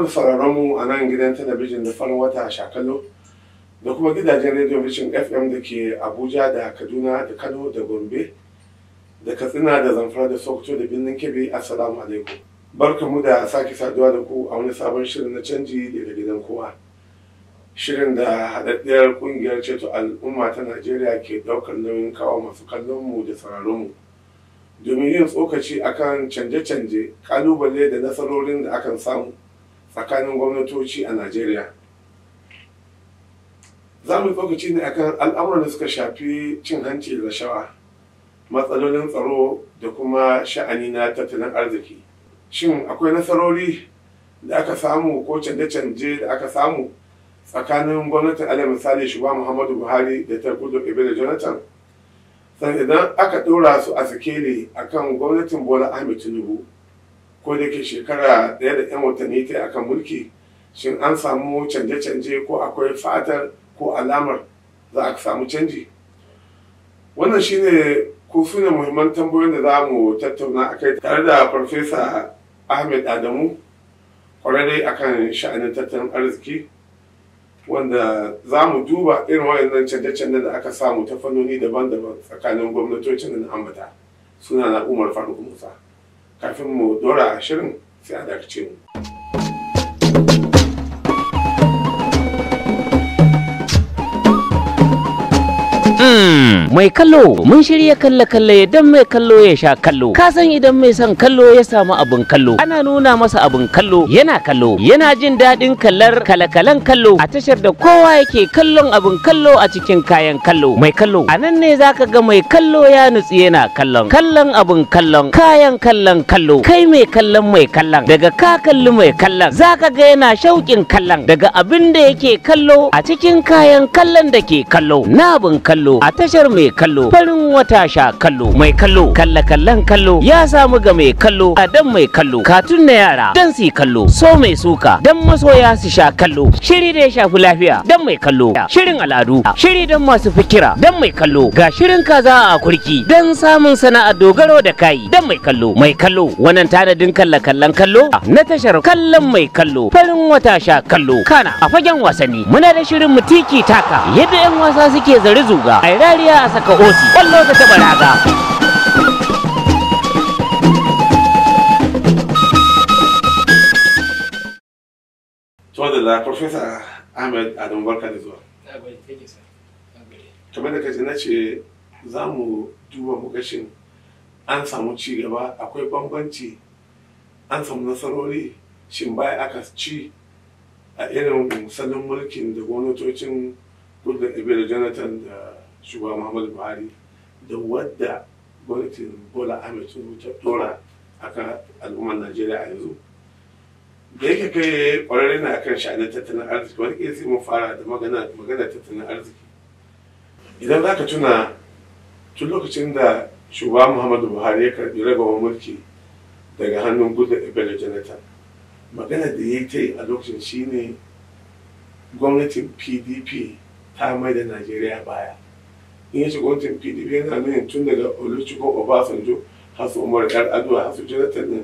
masu sauraron a nan gidan talabijin da farin wata a shakalo da kuma gidajen radio vision fm da ke abuja da kaduna da kano da gombe da katsina da zamfara da sokoto da birnin kebe assalamu alaikum barkamu da sake saduwa da ku a wani sabon shirin na canji daga gidan kowa shirin da haɗaɗɗiyar ƙungiyar ceto al'umma ta najeriya ke ɗaukar nauyin kawo masu kallon mu da sauraron mu domin yin tsokaci akan canje-canje ƙalubale da nasarorin da akan samu tsakanin gwamnatoci a najeriya za mu yi tsokaci ne akan al'amuran da suka shafi cin hanci da rashawa matsalolin tsaro da kuma sha'ani na tattalin arziki shin akwai nasarori da aka samu ko canje-canje da aka samu tsakanin gwamnatin ali misali shugaba muhammadu buhari da ta gudu da jonathan sannan idan aka ɗora su a sikeli akan gwamnatin bola ahmed tinubu ko da ke shekara ɗaya da 'yan watanni ta akan mulki shin an samu canje-canje ko akwai fatar ko alamar za a samu canji wannan shine ko su ne muhimman tambayoyin da za mu tattauna a kai tare da farfesa ahmed adamu kwararre akan sha'anin tattalin arziki wanda za mu duba irin wayannan canje-canje da aka samu ta fannoni daban-daban tsakanin gwamnatocin da na ambata suna na umar faruk musa kafin mu dora shirin sai a mu. mai kallo mun shirya kalle kalle idan mai kallo ya sha kallo ka san idan mai son kallo ya samu abin kallo ana nuna masa abin kallo yana kallo yana jin daɗin kallar kalakalan kallo a tashar da kowa yake kallon abin kallo a cikin kayan kallo mai kallo a nan ne zaka ga mai kallo ya nutsi yana kallon kallon abin kallon kayan kallon kallo kai mai kallon mai kallon daga ka kalli mai kallon zaka ga yana shauƙin kallon daga abin da yake kallo a cikin kayan kallon da ke kallo na abin kallo a tashar mai kallo farin wata sha kallo mai kallo kalla kallan kallo ya samu ga mai kallo a dan mai kallo katun na yara dan su kallo so mai suka dan masoya su sha kallo shiri da ya shafi lafiya dan mai kallo shirin al'adu shiri dan masu fikira dan mai kallo ga shirin kaza a kurki dan samun sana'a dogaro da kai dan mai kallo mai kallo wannan tanadin kalla kallan kallo na tashar kallon mai kallo farin wata sha kallo kana a fagen wasanni muna da shirin mutiki taka yadda yan wasa suke zari zuga a rariya a saka osi kwallo ta taba raga Tuwadala, Professor Ahmed Adamu Barka da zuwa. Kamar da kaji na ce za mu duba bukashin an samu ci gaba akwai bambanci an samu nasarori shin baya aka ci a irin musallin mulkin da gwamnatocin goodluck ebele jonathan da shugaba muhammadu buhari da wadda gwamnatin bola ahmed tinubu ta dora akan al'ummar najeriya a yanzu da yake kai kwararre na kan sha'anin tattalin arziki wani sai mun fara da magana tattalin arziki idan za ka tuna tun lokacin da shugaba muhammadu buhari ya karbi ragawar mulki daga hannun gudu Ibrahim jonathan magana da ya ta yi a lokacin shine gwamnatin pdp ta mai da najeriya baya in ya shiga wancan pdp yana nuna tun daga oluchukwu obasanjo har su umar yar'adua har su jonathan din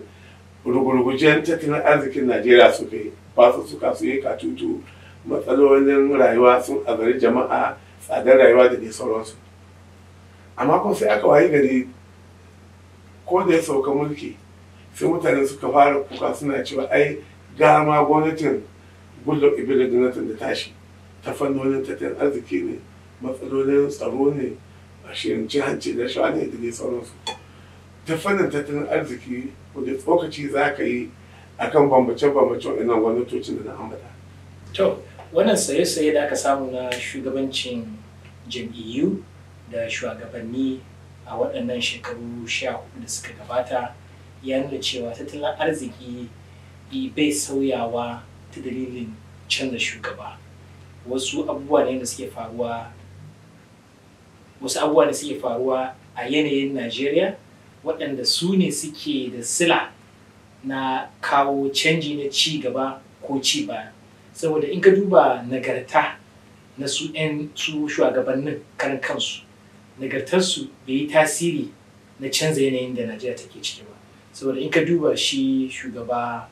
rugurgujen tattalin arzikin najeriya suka yi ba su suka su yi katutu matsalolin rayuwa sun azari jama'a tsadar rayuwa da dai sauransu amma kuma sai aka wayi gari ko da ya sauka mulki sai mutane suka fara kuka suna cewa ai gama gwamnatin gullo ibilu da tashi ta fannonin tattalin arziki ne matsalolin tsaro ne a shirin jihanci da sha ne da sauransu ta fannin tattalin arziki wanda tsokaci za ka yi a kan bambance-bambancen ina gwamnatocin da na ambata. to wannan saye-saye da aka samu na shugabancin jam'iyyu da shugabanni a waɗannan shekaru sha hudu da suka gabata ya nuna cewa tattalin arziki bai sauyawa ta dalilin canza shugaba wasu abubuwa ne da suke faruwa wasu abubuwa da suke faruwa a yanayin Najeriya waɗanda su ne suke da sila na kawo canji na ci gaba ko ci baya saboda in ka duba nagarta na su 'yan su shugabannin karan kansu nagartarsu bai yi tasiri na canza yanayin da najeriya take ciki ba saboda in ka duba shi shugaba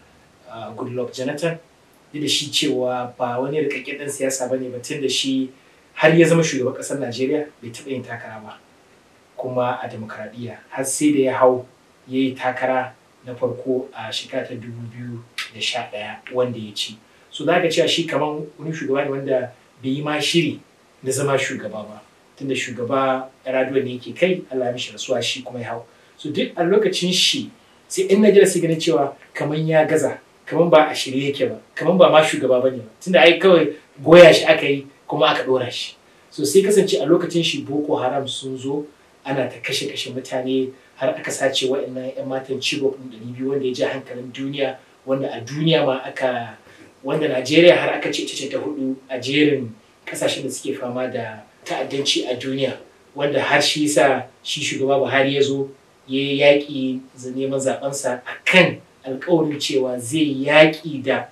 ah, goodluck jonathan da shi cewa ba wani rikakken siyasa ba ne ba tun da shi har ya zama shugaban ƙasar najeriya bai taɓa yin takara ba kuma a demokradiyya har sai da ya hau ya yi takara na farko a shekara ta dubu da sha ɗaya wanda ya ci so za ka cewa shi kamar wani shugaba ne wanda bai yi ma shiri na zama shugaba ba tunda shugaba raduwa ne yake kai allah ya mishi rasuwa shi kuma ya hau so duk a lokacin shi sai in najeriya sai ganin cewa kaman ya gaza kamar ba a shirye yake ba kamar ba ma shugaba ne ba tunda ai kawai goya shi aka yi kuma aka ɗora shi so sai kasance a lokacin shi boko haram sun zo ana ta kashe kashe mutane har aka sace waɗannan 'yan matan cibo ɗin ɗari biyu wanda ya ja hankalin duniya wanda a duniya ma aka wanda najeriya har aka ce ta hudu a jerin ƙasashen da suke fama da ta'addanci a duniya wanda har shi sa shi shugaba buhari ya zo ya yi yaƙi neman zaɓensa a kan alkawarin cewa zai yaƙi da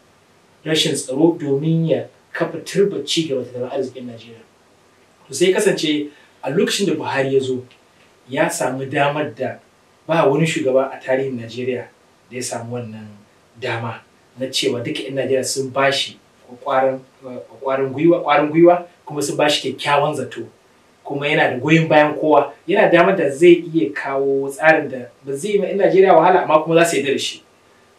rashin tsaro domin ya kafa turba ci gaba tattalin arzikin Najeriya. To sai kasance a lokacin da Buhari ya zo ya samu damar da ba wani shugaba a tarihin Najeriya da ya samu wannan dama na cewa duka 'yan Najeriya sun bashi kwarin gwiwa kwarin gwiwa kuma sun bashi kyakkyawan zato kuma yana da goyon bayan kowa yana damar da zai iya kawo tsarin da ba zai yi 'yan Najeriya wahala amma kuma za su yi da shi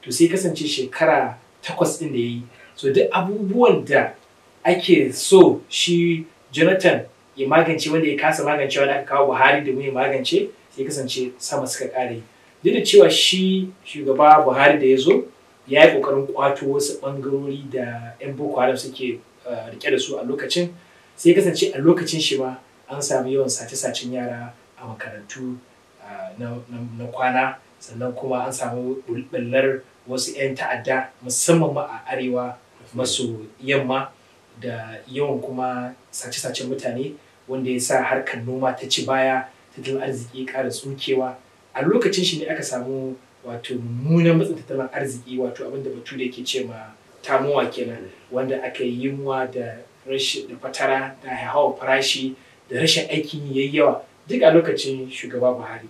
to sai kasance shekara takwas ɗin da ya yi so duk abubuwan da ake so shi jonathan ya magance wanda ya kasa magance wanda aka kawo buhari da ya magance sai kasance sama suka kare duk da cewa shi shugaba buhari da ya zo ya yi kokarin kwato wasu bangarori da 'yan boko haram suke eh, rike da su a lokacin sai kasance a lokacin shi ma an samu yawan sace-sacen yara a makarantu eh, na kwana sannan kuma an samu bullar wasu 'yan ta'adda musamman ma a arewa maso yamma da yawan kuma sace-sacen mutane wanda ya sa harkar noma ta ci baya tattalin arziki kara tsukewa a lokacin shi ne aka samu wato mummunan matsin tattalin arziki wato abinda batu da ke ce ma tamowa kenan wanda aka yi yunwa da rashin da fatara da hawa farashi da rashin aikin yayi yawa duk a lokacin shugaba buhari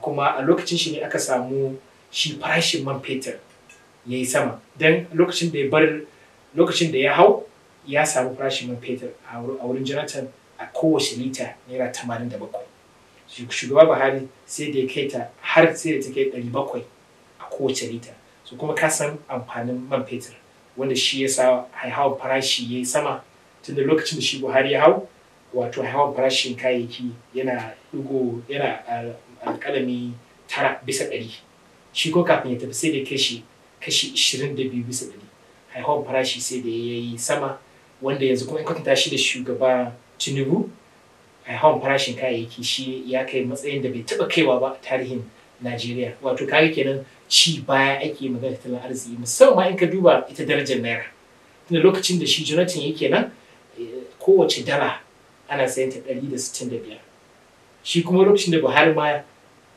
kuma a lokacin shi ne aka samu shi farashin man fetur ya yi sama don lokacin lokacin da ya hau ya samu farashin man fetur a wurin jonathan a kowace lita naira tamanin da bakwai shugaba buhari sai da ya kai ta har sai da ta kai ɗari bakwai a kowace lita su kuma ka san amfanin man fetur wanda shi ya sa haihawar farashi ya yi sama tun da lokacin da shi buhari ya hau wato haihawar farashin kayayyaki yana dugo yana alƙalami tara bisa ɗari shi ko kafin ya tafi sai da kashi kashi ishirin da biyu bisa ɗari Haihawar farashi sai da ya yi sama wanda yanzu kuma in kwatanta shi da shugaba tinubu a hawan farashin kayayyaki shi ya kai matsayin da bai taba kaiwa ba a tarihin najeriya wato kare kenan ci baya ake magana tattalin arziki musamman in ka duba ita darajar naira tunda lokacin da shi jonathan yake nan eh, kowace dala ana sayan ta ɗari da sittin da biyar shi kuma lokacin da buhari ma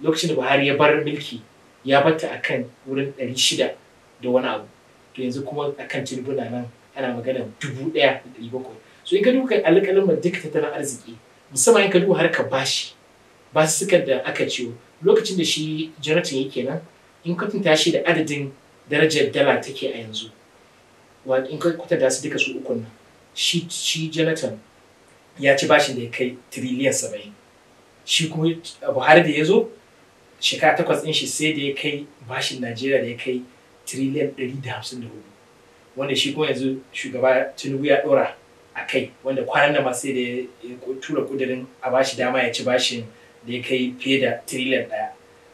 lokacin da buhari ya bar mulki ya batta akan wurin ɗari shida da wani abu to yanzu kuma akan tilbuna nan ana magana dubu ɗaya da ɗari bakwai so in ka duka alƙalin duka tattalin arziki musamman in ka duba harkar bashi suka da aka ciwo lokacin da shi jonathan yake nan in ka tunta shi da adadin darajar dala take a yanzu in ka da su duka su ukun nan shi shi jonathan ya ci bashin da ya kai tiriliyan saba'in shi kuma buhari da ya zo shekara takwas ɗin shi sai da ya kai bashin najeriya da ya kai tiriliyan ɗari da hamsin da hudu wanda shi kuma yanzu shugaba tinubu ya dora a kai wanda kwanan da masu da ya tura kudirin a bashi dama ya ci bashin da ya kai fiye da tiriliyan daya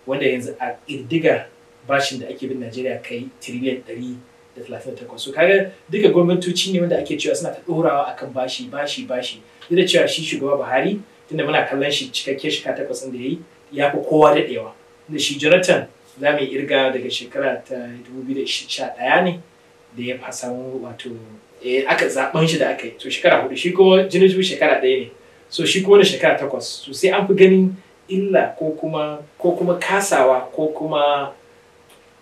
wanda yanzu a ƙirdigar bashin da ake bin najeriya kai tiriliyan ɗari da talatin da takwas kaga duka gwamnatoci ne wanda ake cewa suna ta ɗorawa akan bashi bashi bashi duk da cewa shi shugaba buhari tunda muna kallon shi cikakke shekara takwas da ya yi ya fi kowa daɗewa da shi jonathan za mu irga daga shekara ta ɗaya ne da ya samu wato eh, aka zaben shi da aka yi to shekara hudu shi kuma jini juyi shekara ɗaya ne so shi kuma da shekara takwas so sai an fi ganin illa ko kuma ko kuma kasawa ko kuma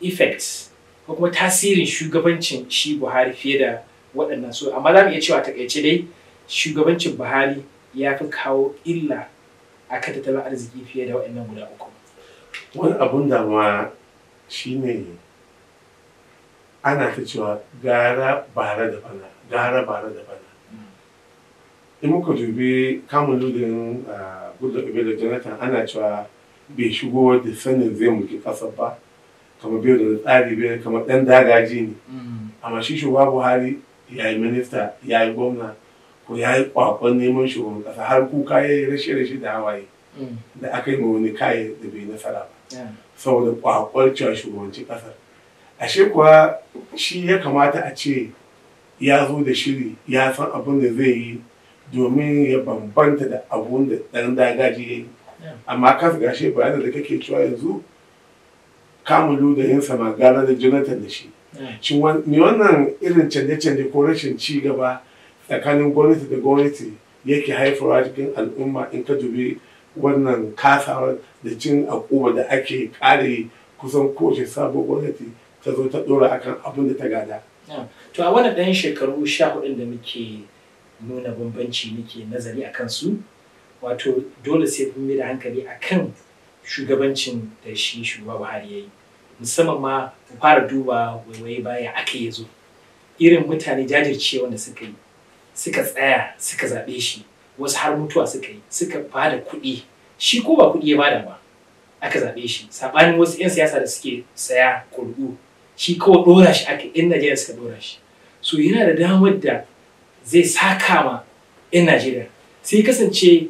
effects ko kuma tasirin shugabancin shi buhari fiye da waɗannan so amma za mu iya cewa takaice dai shugabancin buhari ya fi kawo illa a kan tattalin arziki fiye da waɗannan guda uku wani abun da ma shine ana ta cewa gara bara da bana gara bara da bana in muka dubi kamun ludin ah, goodluck da jonathan ana cewa bai shigo da sanin zai muke kasar ba kama biyu da tsari biyar kama dan dagaji ne mm. amma shi shugaba buhari ya yi minista ya yi gwamna ko ya yi kwakwan neman shugaban kasa har kuka ya yi rashe-rashe da hawaye mm. da aka yi ma wani kaye da bai nasara ba saboda kwakwar cewa shugabanci kasar ashe kuwa shi ya kamata a ce ya zo da shiri ya san abin da zai yi domin ya bambanta da abun da ɗan dagaji ya yi amma ka ga bayanin da kake cewa yanzu kamulu da yin sama gara da jonathan da shi ne wannan irin canje-canje ko rashin ci gaba tsakanin gwamnati da gwamnati yake haifarwa cikin al'umma in ka dubi wannan kasawar da cin akuba da ake kare kusan kowace sabon gwamnati ta zo ta dora akan abin da ta gada to a wannan ɗan shekaru sha hudun da muke nuna bambanci muke nazari a kansu wato dole sai mun da hankali akan shugabancin da shi shugaba buhari ya yi musamman ma mu fara duba waiwaye baya aka yi zo irin mutane jajirce wanda suka yi suka tsaya suka zaɓe shi wasu har mutuwa suka yi suka bada kuɗi shi ko ba kuɗi ya bada ba aka zaɓe shi saɓanin wasu 'yan siyasa da suke saya kurɗu shi kawai ɗora shi aka yan najeriya suka ɗora shi so yana da damar da zai saka ma yan najeriya sai kasance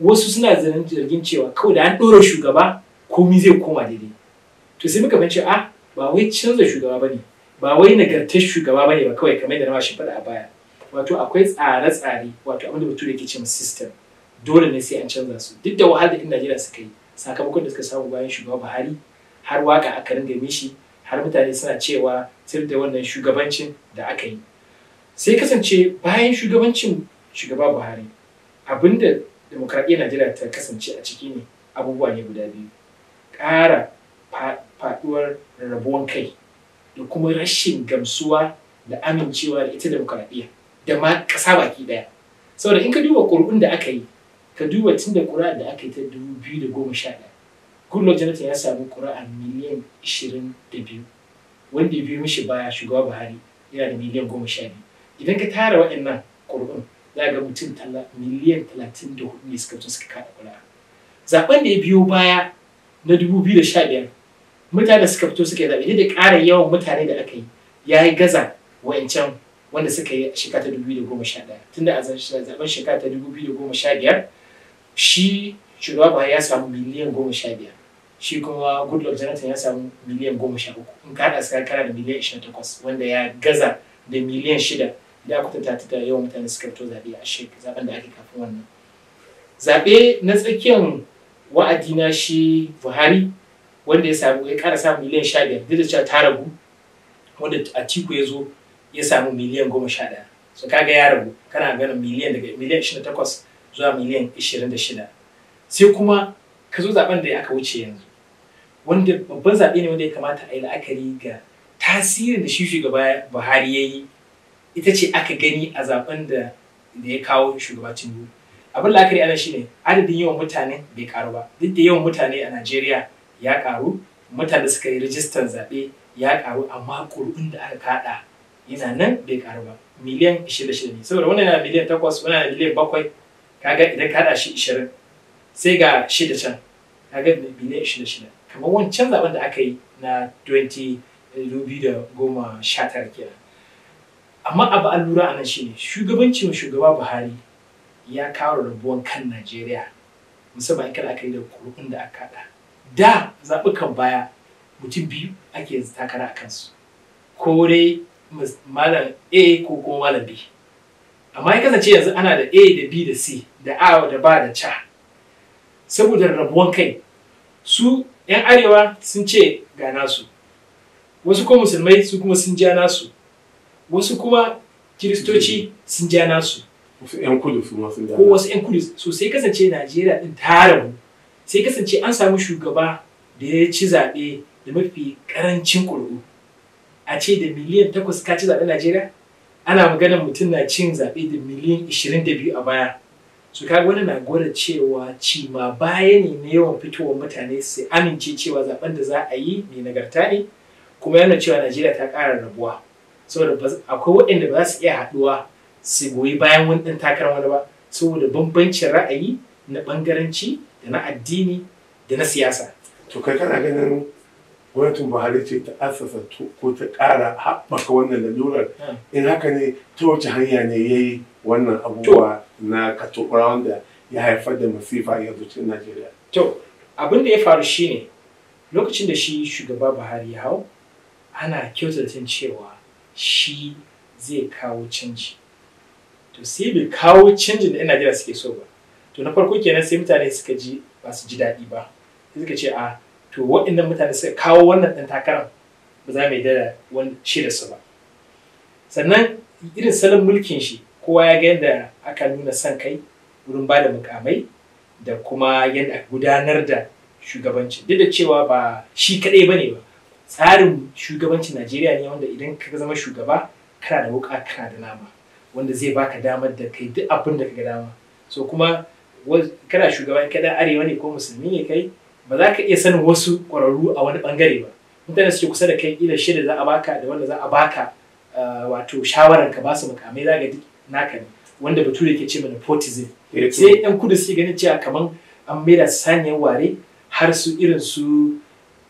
wasu suna zargin cewa kawai da an dora shugaba komi zai koma daidai to sai muka fahimci a ah, ba wai canza shugaba bane ba wai nagartar shugaba bane ba kawai kamar da na mashi faɗa a baya wato akwai tsare-tsare wato abinda bature yake ce system dole ne sai an canza su duk da wahalar da Najeriya suka yi sakamakon da suka samu bayan shugaba Buhari har waka aka ringa mishi har mutane suna cewa sir da wannan shugabancin da aka yi sai kasance bayan shugabancin shugaba buhari abinda demokradiyyar najeriya ta kasance a ciki ne abubuwa ne guda biyu ƙara faɗuwar rarrabuwan kai da kuma rashin gamsuwa da amincewa da ita demokradiyya da ma ƙasa baki ɗaya saboda in ka duba ƙuri'un da aka yi ka duba tun da ƙuri'a da aka yi ta dubu biyu da goma sha ɗaya goodluck janata ya samu a miliyan ishirin da biyu wanda ya mishi baya shugaba buhari yana da miliyan goma sha biyu idan ka tara waɗannan ƙuri'un za ga mutum miliyan talatin da hudu ne suka fito suka kada ƙuri'a zaben da ya biyo baya na dubu biyu da sha biyar mutane da suka fito suka yi zaɓe da ƙara yawan mutane da aka yi ya yi gaza wa'incan wanda suka yi shekara ta dubu biyu da goma sha ɗaya tunda a zaben shekara ta dubu biyu da goma sha biyar shi shugaba buhari ya samu miliyan goma sha biyar shi kuma goodluck jonathan ya samu miliyan goma sha uku in ka haɗa su kana da miliyan ishirin takwas wanda ya gaza da miliyan shida da aka ta da yawan mutane suka fito zaɓe a shek zaɓen da ake kafin wannan zaɓe na tsakiyar wa'adi na shi buhari wanda ya samu ya ƙara samu miliyan sha biyar duk da cewa ta ragu wanda atiku ya zo ya samu miliyan goma sha ɗaya so kaga ya ragu kana ganin miliyan daga miliyan ishirin da takwas zuwa miliyan ishirin da shida sai kuma ka zo zaɓen da aka wuce yanzu wanda babban zaɓe ne wanda ya kamata a yi la'akari ga tasirin da shi shugaba Buhari ya yi ita ce aka gani a zaben da ya kawo shugaba Tinubu. Abin la'akari ana shi ne adadin yawan mutane bai karu ba duk da yawan mutane a Najeriya ya karu mutane suka yi rijistar zaɓe ya karu amma ƙuri'un da aka kaɗa yana nan bai karu ba miliyan shida ne saboda wannan yana miliyan takwas, wannan yana miliyan bakwai kaga idan kaɗa shi ishirin sai ga shida can kaga miliyan shida. kamar wancan zaben da aka yi na 2019 kenan amma abu an lura a nan shine shugabancin shugaba buhari ya kawo rabuwan kan najeriya musamman kada aka yi da kurkun da aka da da zaɓukan baya mutum biyu ake takara a kansu ko dai malam a ko kuma malam b amma ya kasance yanzu ana da a da b da c da a da ba da ca saboda rabuwan kai su 'yan arewa sun ce ga nasu wasu kuma musulmai su kuma sun ja nasu wasu kuma kiristoci sun ja nasu su ko wasu 'yan kudu so sai kasance najeriya din tare mu sai kasance an samu shugaba da ya ci zaɓe da mafi karancin ƙuri'u a ce da miliyan takwas ka ci zaɓe najeriya ana maganar mutum na cin zaɓe da miliyan ishirin biyu a baya su kai wani na gwada cewa ci ma baya ne na yawan fitowar mutane su amince cewa zaben da za a yi mai nagarta ne kuma yana cewa najeriya ta kara rabuwa saboda akwai waɗanda ba za su iya haɗuwa su goyi bayan wani ɗan takarar wani ba saboda bambancin ra'ayi na ɓangaranci da na addini da na siyasa. to kai kana ganin gwamnatin buhari ce ta asasa ko ta ƙara haɓaka wannan lalurar hmm. in haka ne ta wace hanya ne ya yi wannan abubuwa na katobara wanda ya haifar da masifa a yanzu najeriya to abin da ya faru shine lokacin da shi shugaba buhari ya hau ana kyautata cewa shi zai kawo canji to sai bai kawo canjin da 'yan najeriya suke so ba to na farko kenan sai mutane suka ji ba su ji daɗi ba suka ce a to waɗannan mutane suka kawo wannan ɗan takarar ba za mu yi da wani shi da su ba sannan irin salon mulkin shi kowa ya ga yadda aka nuna son kai wurin ba da mukamai da kuma yadda gudanar da shugabanci duk da cewa ba shi kaɗai ba ne ba tsarin shugabancin najeriya ne wanda idan ka zama shugaba kana da wuka kana da nama wanda zai baka damar da kai duk abin da ka ga dama so kuma kana shugaba ka da arewa ne ko musulmi ne kai ba za ka iya sanin wasu ƙwararru a wani bangare ba mutane suke kusa da kai ila shida za a baka da wanda za a baka eh, wato shawarar ka ba su mukamai za ga duk naka ne wanda bature ke ce mana nepotism eh, sai yan kudu suke ganin cewa kaman an maida saniyar ware har su irin su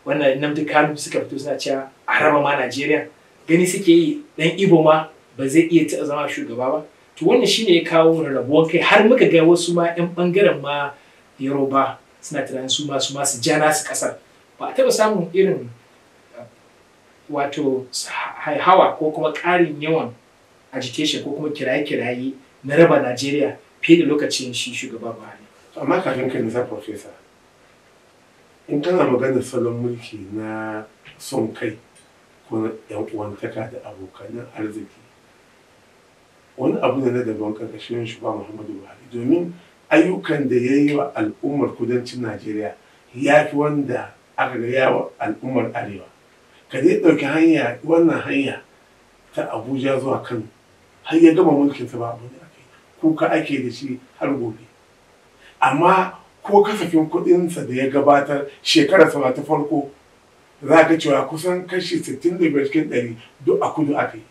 wannan namdi kanu suka fito suna cewa a raba ma najeriya gani suke yi dan ibo ma ba zai iya ta zama shugaba ba to wannan shine ya kawo rarrabuwan kai har muka ga wasu ma yan bangaren ma yoruba suna tunanin su ma su ma su jana su kasar ba a taɓa samun irin wato haihawa ko kuma karin yawan agitation ko kuma kiraye-kiraye na raba Najeriya fiye da lokacin shi shugaba Buhari. Amma kafin ka nisa Profesa, in kana magana salon mulki na son kai ko na ‘yan uwantaka da abokanan arziki, wani abu ne na daban ƙarƙashin shugaba Muhammadu Buhari domin ayyukan da ya yi wa al'ummar kudancin Najeriya ya fi wanda aka ga yawa al'ummar arewa. Ka dai ɗauki hanya wannan hanya ta Abuja zuwa Kano har ya gama mulkin sa ba ne ake kuka ake da shi har gobe amma ko kasafin sa da ya gabatar shekarar sa ta farko za ka cewa kusan kashi 65 cikin 100 duk a kudu aka yi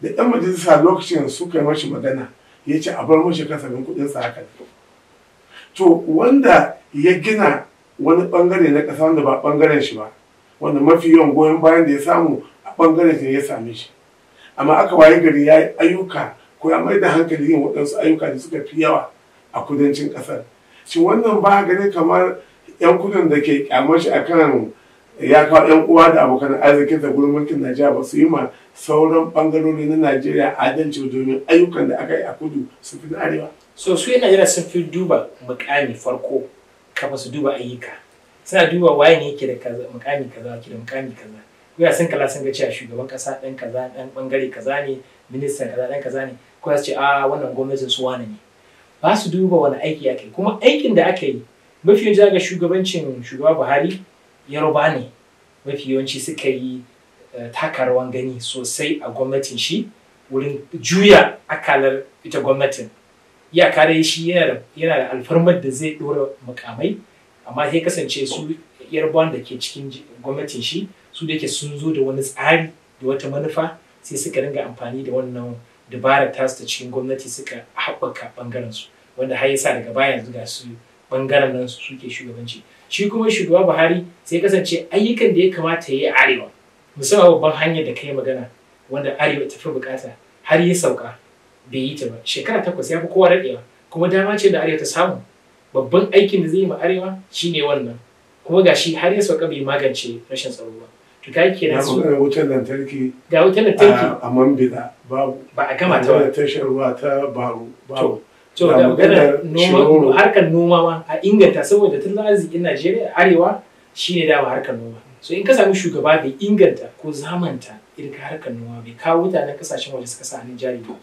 da ɗan majalisa lokacin suka yi mashi magana ya ce a bar mashi kasafin sa haka to wanda ya gina wani bangare na ƙasa wanda ba bangaren shi ba wanda mafi yawan goyon bayan da ya samu a bangaren shi ya same shi amma aka waye gari ya yi ayyuka ko ya mai da hankali yin waɗansu ayyuka da suka fi yawa a kudancin kasar. shi wannan ba gani kamar yan kudin da ke kyamar a akan ya kawo yan uwa da abokan arzikin da gurin mulkin najeriya ba su yi ma sauran bangarori na najeriya adalci domin ayyukan da aka yi a kudu su fi arewa so su yi najeriya sun fi duba mukami farko kafa su duba ayyuka suna duba waye ne yake da mukami kaza ke da mukami kaza ya san kala sun ga cewa shugaban kasa dan kaza dan bangare kaza ne ministan kaza dan kaza ne ko su ce a wannan gwamnatin su wani ne ba su duba wani aiki ake. kuma aikin da aka yi mafi yawanci ga shugabancin shugaba Buhari Yaroba ne mafi yawanci suka yi eh, taka rawan gani sosai a gwamnatin shi wurin juya akalar ita gwamnatin ya kare shi yana da alfarmar da zai dora mukamai amma sai kasance su yarbawan da ke cikin gwamnatin shi su da yake sun zo da wani tsari da wata manufa sai suka ringa amfani da wannan dabarar tasu ta cikin gwamnati suka haɓaka ɓangaren su wanda har yasa daga baya yanzu ga su ɓangaren nan su suke shugabanci shi kuma shugaba buhari sai kasance ayyukan da ya kamata ya yi arewa musamman babban hanyar da ka yi magana wanda arewa ta fi bukata har ya sauka bai yi ta ba shekara takwas ya fi kowa daɗewa kuma dama ce da arewa ta samu babban aikin da zai yi ma arewa shine wannan kuma gashi har ya sauka bai magance rashin tsaro ba tuka kenan su wutar lantarki ga wutar lantarki a mambila babu ba a gama ta ba tashar ruwa ta baro to da maganar noma harkar noma ma a inganta saboda tun arzikin Najeriya arewa shine dama harkar noma so in ka samu shugaba bai inganta ko zamanta irin harkar noma bai kawo mutanen kasashen waje suka sa hannun jari ba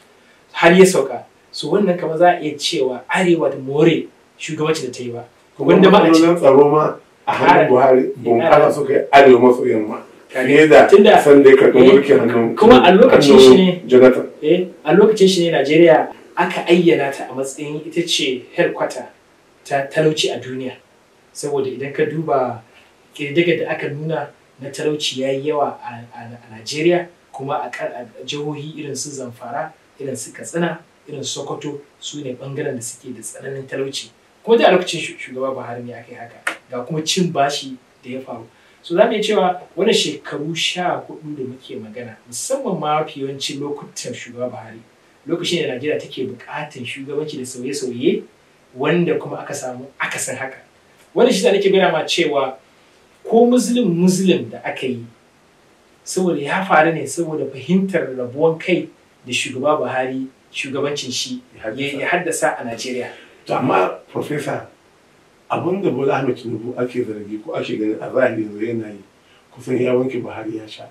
har ya sauka so wannan kama za a iya cewa arewa da more shugabanci da ta yi ba wanda ma a tsaro ma a hannun Buhari bunkara suka yi arewa maso yamma fiye da sanda ya karɓi eh, mulkin hannun kuma a lokacin shi ne jonathan eh, a lokacin shi ne najeriya aka ayyana ta a matsayin ita ce headquarter ta talauci a duniya saboda idan ka duba ƙididdigar da aka nuna na talauci ya yi yawa a najeriya kuma a jihohi irin su zamfara irin su katsina irin sokoto su ne bangaren da suke da tsananin talauci kuma da a lokacin shugaba buhari ne aka yi haka ga kuma cin bashi da ya faru su za mu cewa wani shekaru sha hudu da muke magana musamman ma mafi yawancin lokutan shugaba buhari lokacin da najeriya take bukatan shugabanci da sauye-sauye wanda kuma aka samu aka san haka wani shi da nake gina ma cewa ko muslim muslim da aka yi saboda ya faru ne saboda fahimtar rabuwan kai da shugaba buhari shugabancin shi ya haddasa a najeriya to amma professor abin da bola ahmed tinubu ake zargi ko ake ganin a zahiri yanzu yana yi kusan ya wanke buhari ya sha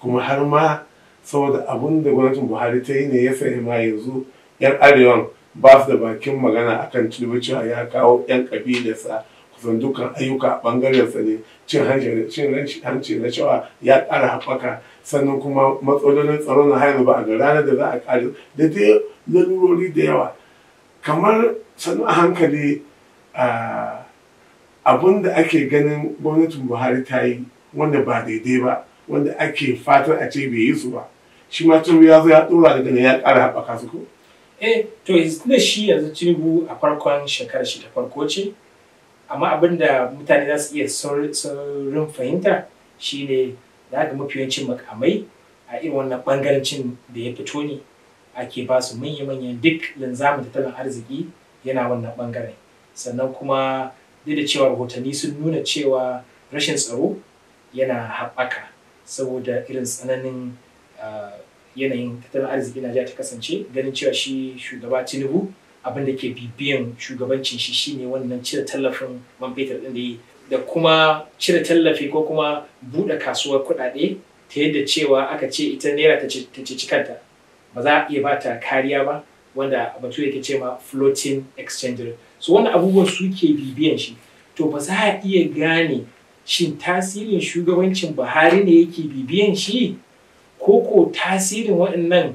kuma har ma saboda abin da gwamnatin buhari ta yi ne ya sani ma yanzu yan arewan ba su da bakin magana akan tinubu cewa ya kawo yan kabilarsa kusan dukkan ayyuka a bangarensa ne cin hanci na cewa ya ƙara haɓaka sannan kuma matsalolin tsaro na haihu ba a ga ranar da za a ƙare da dai lalurori da yawa kamar sannu a hankali abun da ake ganin gwamnatin buhari ta yi wanda ba daidai ba wanda ake fatan a ce bai yi su ba shi ma tinubu ya zo ya dora daga nan ya kara haɓaka su ko eh to da shi yanzu tinubu a farkon shekarar shi ta farko ce amma abin da mutane za su iya saurin fahimta shine da ga mafi yawancin makamai a irin wannan bangarancin da ya fito ne ake ba su manya-manyan duk linzamin tattalin arziki yana wannan bangaren sannan kuma duk da cewa rahotanni sun nuna cewa rashin tsaro yana haɓaka saboda irin tsananin yanayin tattalin arziki na ta kasance ganin cewa shi shugaba tinubu abinda ke bibiyan shugabancin shi shine wannan cire tallafin man fetur din da yi da kuma cire tallafi ko kuma buɗe kasuwar kuɗaɗe ta yadda cewa aka ce ita naira ta ce cikanta, ba za a iya ba ta kariya ba wanda batu yake ce ma floating exchange su wani abubuwan suke bibiyan shi to ba za a iya gane shin tasirin shugabancin buhari ne yake bibiyan shi ko ko tasirin waɗannan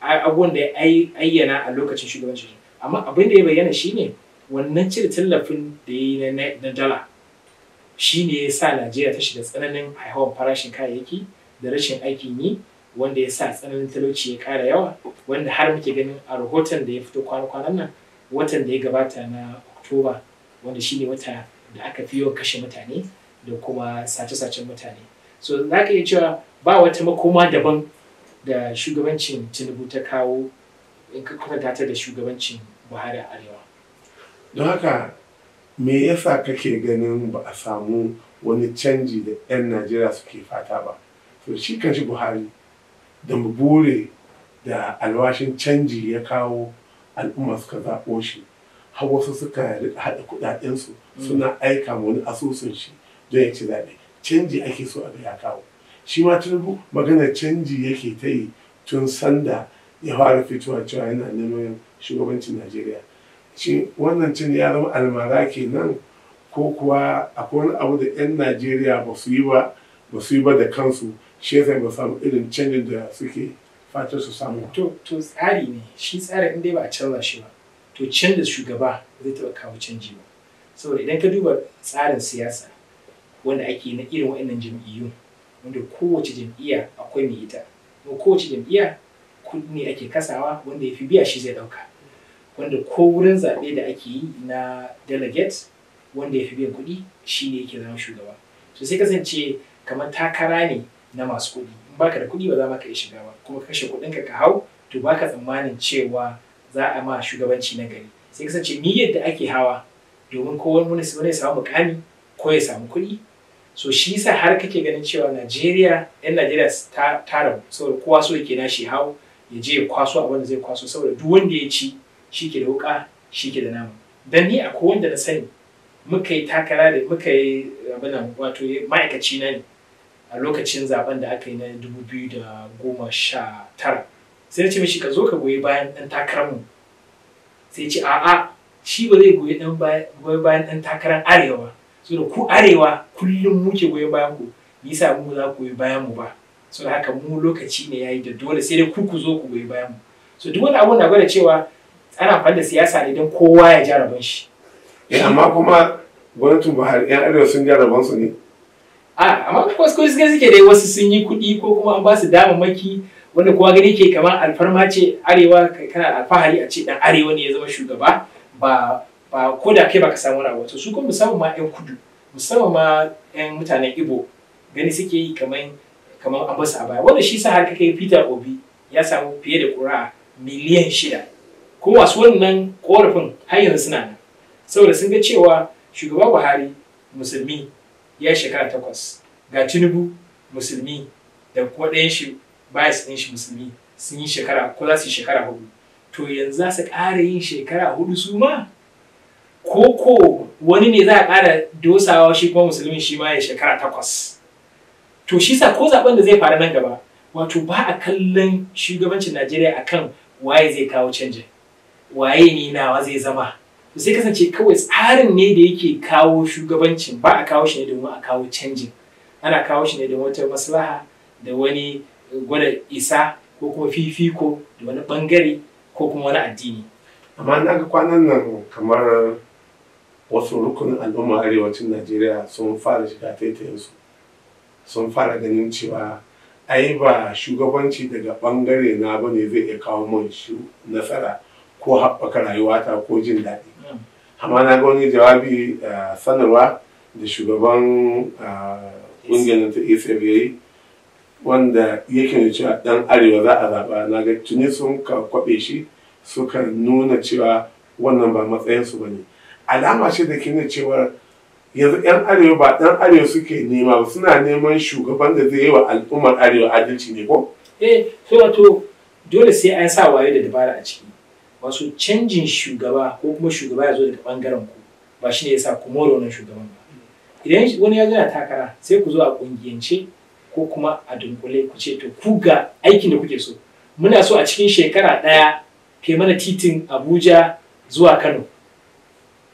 abubuwan da ya ayyana a lokacin shugabancin shi amma abin da ya bayyana shine wannan cire tallafin da ya yi na dala shine ya sa najeriya ta shiga tsananin haihawan farashin kayayyaki da rashin aikin yi wanda ya sa tsananin talauci ya ƙara yawa wanda har muke ganin a rahoton da ya fito kwana-kwanan nan watan da ya gabata na oktoba wanda shine wata da aka fi yawan kashe mutane da kuma sace-sacen mutane so za ka iya cewa ba wata makoma daban da shugabancin tinubu ta kawo in ka kuma ta da shugabancin buhari a arewa don haka me yasa kake ganin ba a samu wani canji da 'yan najeriya suke fata ba to shi kan shi buhari da bure da alwashin canji ya kawo al'umma suka zaɓo shi har wasu suka haɗa kuɗaɗensu suna aika ma wani asusun shi don ya ci zaɓe canji ake so a ga ya kawo shi ma tinubu magana canji yake ta yi tun sanda ya fara fitowa cewa yana neman shugabancin najeriya shi wannan canji ya zama almara kenan ko kuwa akwai wani abu da 'yan najeriya ba su yi ba da kansu shi zai ba samu irin canjin da suke fata su samu to to tsari ne shi tsari in dai ba a canza shi ba to canza shugaba zai taɓa kawo canji ba saboda idan ka duba tsarin siyasa wanda ake na irin wa'annan jam'iyyu wanda kowace jam'iyya akwai mai ita kuma kowace jam'iyya kuɗi ake kasawa wanda ya fi biya shi zai ɗauka wanda ko wurin zaɓe da ake yi na delegate wanda ya fi biyan kuɗi shi ne yake zama shugaba to sai kasance kamar takara ne na masu kuɗi in baka da kuɗi ba za ma ka yi shiga ba kuma kashe kuɗinka ka ka hau to baka tsammanin cewa za a ma shugabanci na gari sai ka kasance ni yadda ake hawa domin ko wani ya samu mukami ko ya samu kuɗi so shi yasa har kake ganin cewa Najeriya yan Najeriya ta tara saboda kowa so yake na shi hau ya je ya kwaso a wanda zai kwaso saboda duk wanda ya ci shi ke da wuka shi ke da nama dan ni akwai wanda na sani muka yi takara da muka yi abin wato ma'aikaci na ne a lokacin zaben da aka yi na 2019 sai na ce mishi ka zo ka goyi bayan ɗan takararmu sai ce a'a shi ba zai goyi bayan ɗan takarar arewa so da ku arewa kullum muke goyi bayan ku sa mu za ku goyi bayan mu ba so da haka mu lokaci ne yayi da dole sai dai ku ku zo ku goyi bayan mu so duk wani abu na gwada cewa ana amfani da siyasa ne don kowa ya jaraban shi eh, amma kuma gwamnatin Buhari yan arewa sun jaraban su ne a amma kuma wasu kuma suke dai wasu sun yi kuɗi ko kuma an ba su damammaki wanda kuma gani ke kamar alfarma ce arewa kana alfahari a ce dan arewa ne ya zama shugaba ba ba ko da kai baka samu wani abu su kuma musamman ma yan kudu musamman ma yan mutanen ibo gani suke yi kamar kamar an basu a baya wanda shi sa har kai peter obi ya samu fiye da kura miliyan shida ko wasu wannan korafin har yanzu suna nan saboda sun ga cewa shugaba buhari musulmi ya shekara takwas ga tinubu musulmi da kwaɗayan shi bias ɗin shi musulmi sun yi shekara ko za su yi shekara hudu to yanzu za su ƙara yin shekara hudu su ma ko ko wani ne za a ƙara dosawa shi kuma musulmin shi ma ya shekara takwas to shi sa ko zaɓen da zai faru nan gaba wato ba a kallon shugabancin najeriya akan waye zai kawo canjin waye ne nawa zai zama sai kasance kawai tsarin ne da yake kawo shugabancin ba a kawo shi ne domin a kawo canjin ana kawo shi ne da wata maslaha da wani gwada isa ko kuma fifiko da wani bangare ko kuma wani addini amma na ga kwanan nan kamar wasu rukunin al'umma arewacin najeriya sun fara shiga taitayensu sun fara ganin cewa ai ba shugabanci daga bangare na bane zai iya kawo mun nasara ko haɓaka rayuwata ko jin daɗi amma na ga wani jawabi eh, sanarwa da shugaban eh, ƙungiyar ta acf ya yi wanda yake da cewa dan arewa za a zaɓa na ga tuni sun kwaɓe shi suka nuna cewa wannan ba matsayinsu ba ne alama ce da ke cewa yanzu yan arewa ba dan arewa suke nema ba suna neman shugaban da zai yi wa al'ummar arewa adalci ne ko eh so dole sai an sa waye da dabara a ciki wasu canjin shugaba ko kuma shugaba ya zo daga bangaren ku ba shi ne ya sa ku more wannan shugaban ba idan wani ya zo takara sai ku zo a kungiyance ko kuma a dunkule ku ce to ku ga aikin da kuke so muna so a cikin shekara ɗaya kai mana titin abuja zuwa kano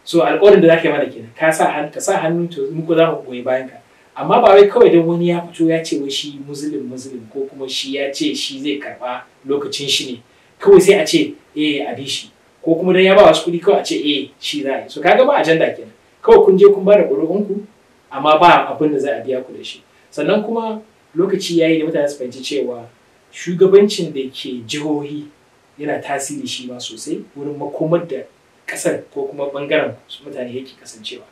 so alƙawarin da za ka yi mana kenan ka sa hannu ka sa hannu to mu ko za mu goyi bayan ka amma ba wai kawai don wani ya fito ya ce wai shi muslim muslim ko kuma shi ya ce shi zai karba lokacin shi ne kawai sai a ce eh a bi shi ko kuma dan ya ba wasu kuɗi kawai a ce eh shi za a yi so kaga ba ajanda kenan kawai kun je kun ba da ku amma ba abin da za a biya ku da shi sannan kuma lokaci ya yi da mutane su fahimci cewa shugabancin da ke jihohi yana tasiri shi ma sosai wurin makomar da kasar ko kuma bangaren mutane yake kasancewa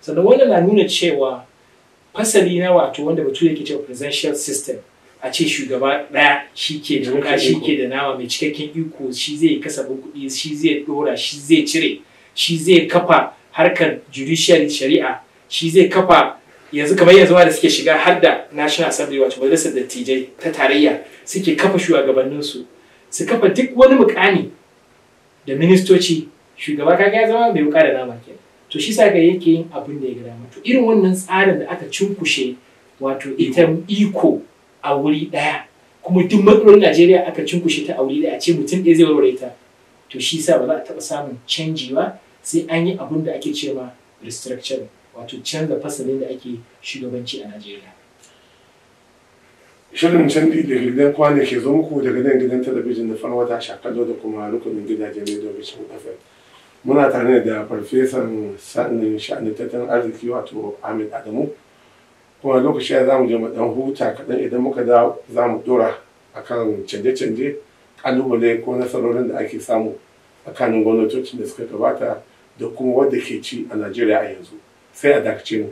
sannan wannan na nuna cewa fasali na wato wanda batu yake cewa presidential system a ce shugaba ɗaya shi ke da wuka shi ke da nama mai cikakken iko shi zai kasafin kuɗi shi zai ɗora shi zai cire shi zai kafa harkar judicial shari'a shi zai kafa yanzu kamar yanzu da suke shiga har da national assembly wato majalisar dattijai ta tarayya suke kafa shugabannin su su kafa duk wani mukami da ministoci shugaba kaga ya zama mai wuka da nama ke to shi sa ga yake yin abin da ya ga dama to irin wannan tsarin da aka cunkushe wato ita iko a wuri ɗaya kuma duk matsalolin Najeriya aka cinkushe ta a wuri ɗaya a ce mutum ɗaya zai warware ta to shi sa ba za a taɓa samun canji ba sai an yi abun da ake cewa restructuring wato canza fasalin da ake shugabanci a Najeriya. Shirin canji da gidan kwana ke zo muku daga nan gidan talabijin na farwata shakalo da kuma rukunin gidajen da bishin FM. Muna tare da farfesan sa'anin sha'anin tattalin arziki wato Ahmed Adamu. kuma lokaci ya zamu je mu dan huta kaɗan idan muka dawo za mu dora akan canje-canje kalubale ko nasarorin da ake samu tsakanin gwamnatocin da suka gabata da kuma wadda ke ci a najeriya a yanzu sai a dakace mu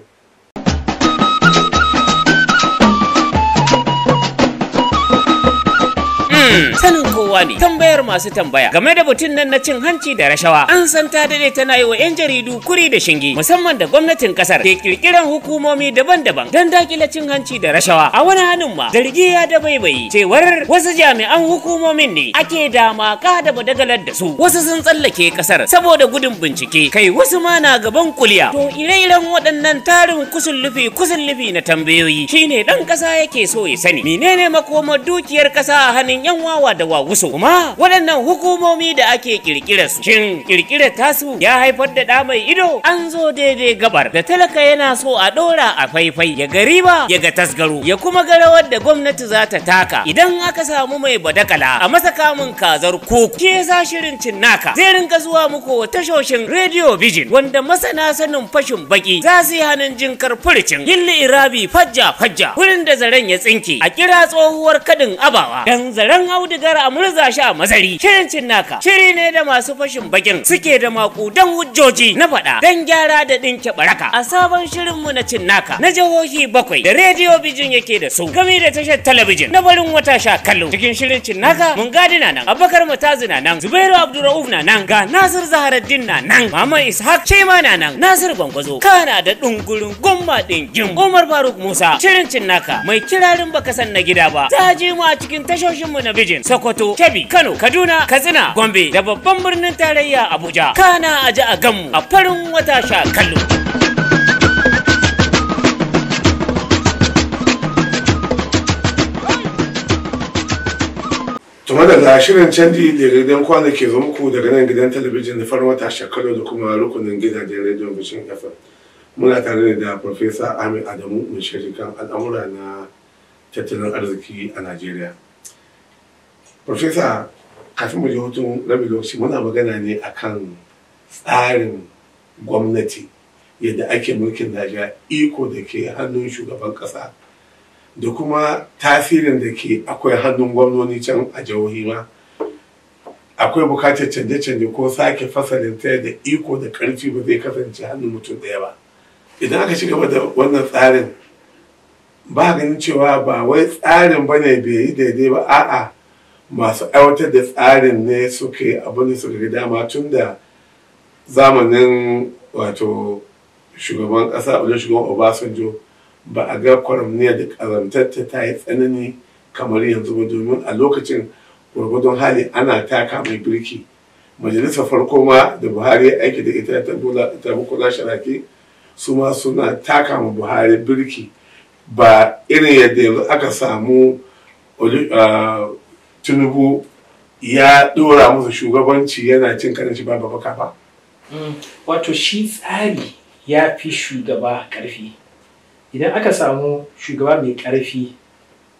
sanin kowa ne tambayar masu tambaya game da batun nan na cin hanci da rashawa an san ta dade tana yi wa 'yan jaridu kuri da shinge musamman da gwamnatin kasar ke kirkiran hukumomi daban-daban don dakile cin hanci da rashawa a wani hannun ma zargi ya da baibayi cewar wasu jami'an hukumomin ne ake dama ka da badagalar da su wasu sun tsallake kasar saboda gudun bincike kai wasu ma na gaban kuliya to ire-iren waɗannan tarin kusullufi kusullufi na tambayoyi shine dan ƙasa yake so ya sani menene makomar dukiyar ƙasa a hannun 'yan wawa da wawuso kuma waɗannan hukumomi da ake ƙirƙirar su shin kirkira tasu ya haifar da ɗa mai ido an zo daidai gabar da talaka yana so a ɗora a faifai ya ga riba ya ga tasgaro ya kuma ga rawar da gwamnati za ta taka idan aka samu mai badakala a masa kamun kazar kuku ke za shirin cin naka? zai rinka zuwa muku tashoshin radio vision wanda masana sanin fashin baki za su yi hannun jinkar furcin yilli irabi fajja fajja wurin da zaren ya tsinke a kira tsohuwar kadin abawa dan zaren audigar a murza shi a mazari shirin cin naka shiri ne da masu fashin bakin suke da makudan hujjoji na faɗa don gyara da ɗinke baraka a sabon shirinmu na cin naka na jihohi bakwai da rediyo bijin yake da su gami da tashar talabijin na barin wata sha kallo cikin shirin cin naka mun gadi na nan abubakar mutazu na nan zubairu abdurrauf na nan ga nasir zaharaddin na nan mama ishaq shema na nan nasir gwangwazo kana da ɗungurin gumma ɗin jim umar faruk musa shirin cin naka mai kirarin baka san na gida ba za ji mu a cikin tashoshinmu na bijin talabijin Sokoto, Kebbi, Kano, Kaduna, Katsina, Gombe da babban birnin tarayya Abuja. Kana a ji a ganmu a farin wata sha kallo. tuma da shirin canji da gidan kwana ke zo muku daga nan gidan talabijin da farin wata sha kallo da kuma rukunin gidajen rediyon bishin FM. muna tare da profesa amin adamu mai shirikan al'amura na tattalin arziki a najeriya Profesa, kafin mu je hutun rabin lokaci muna magana ne akan tsarin gwamnati yadda ake mulkin Najeriya iko da ke hannun shugaban ƙasa da kuma tasirin da ke akwai hannun gwamnoni can a jihohi ma akwai bukatar canje-canje ko sake fasalin ta da iko da ƙarfi ba zai kasance hannun mutum ɗaya ba idan aka ci gaba da wannan tsarin ba ganin cewa ba wai tsarin ba ne bai yi daidai ba a'a masu aiwatar da tsarin ne suke abinda suka suka dama tun da zamanin wato shugaban ƙasa wajen shugaban obasanjo ba a ga kwaramniya da karamtarta ta yi tsanani kamar yanzu ba domin a lokacin gwargwadon hali ana taka mai birki majalisar farko ma da buhari aiki da ita ta bukula sharaki su ma suna taka ma buhari birki ba irin yadda yanzu aka samu uh, tinubu ya dora musu shugabanci yana cin karanci ba baba kafa mm, wato shi tsari ya fi shugaba karfi idan aka samu shugaba mai karfi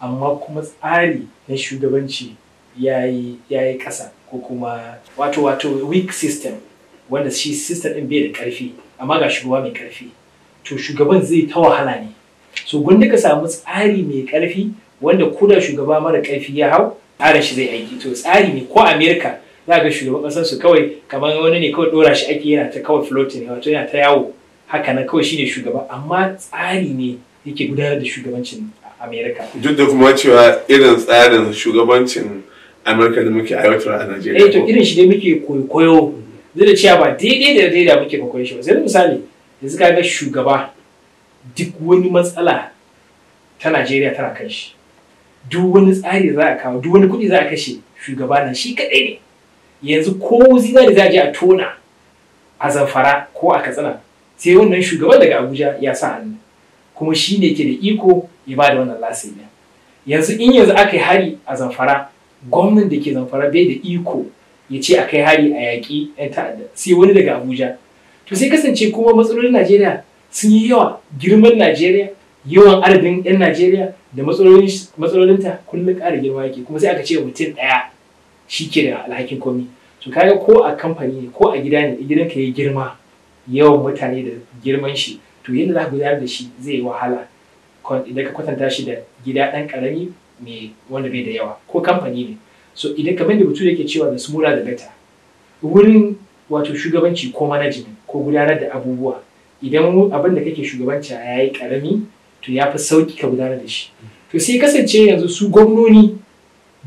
amma kuma tsari na shugabanci ya yi ƙasa ko kuma wato wato weak system wanda shi system ɗin bai da karfi amma ga shugaba mai ƙarfi to shugaban zai ta wahala ne so gunda ka samu tsari mai ƙarfi wanda kuda shugaba mara ƙarfi ya hau tsara shi zai aiki to tsari ne ko amerika za ga shugaban kasar su kawai kamar wani ne kawai dora shi ake yana ta kawai floating wato yana ta yawo haka nan kawai shine shugaba amma tsari ne yake gudanar da shugabancin america duk da kuma cewa irin tsarin shugabancin amerika da muke aiwatar a najeriya eh to irin shi ne muke koyo zai da cewa ba daidai da daidai muke koyo shi ba sai misali yanzu ka ga shugaba duk wani matsala ta najeriya tana kan shi duk wani tsari za a kawo duk wani kuɗi za a kashe shugaba na shi kaɗai ne yanzu ko da za a je a tona a zamfara ko a katsina sai wannan shugaban daga abuja ya sa hannu kuma shi ne ke da iko ya ba da wannan lasiri yanzu in yanzu aka yi hari a zamfara gwamnan da ke zamfara bai da iko ya ce a kai hari a yaƙi 'yan ta'adda sai wani daga abuja to sai kasance kuma matsalolin najeriya sun yi yawa girman najeriya yawan adadin 'yan Najeriya da matsalolinta kullum ƙara girma yake kuma sai aka ce mutum ɗaya shi ke da alhakin komi to kaga ko a kamfani ne ko a gida ne gidan ka yi girma yawan mutane da girman shi to yadda za ka gudanar da shi zai wahala idan ka kwatanta shi da gida ɗan ƙarami mai wanda bai da yawa ko kamfani ne so idan kamar da mutum yake cewa da smaller da better wurin wato shugabanci ko management ko gudanar da abubuwa idan abin da kake shugabanci ya yi ƙarami to ya fi sauki ka gudanar da shi to sai kasance yanzu su gwamnoni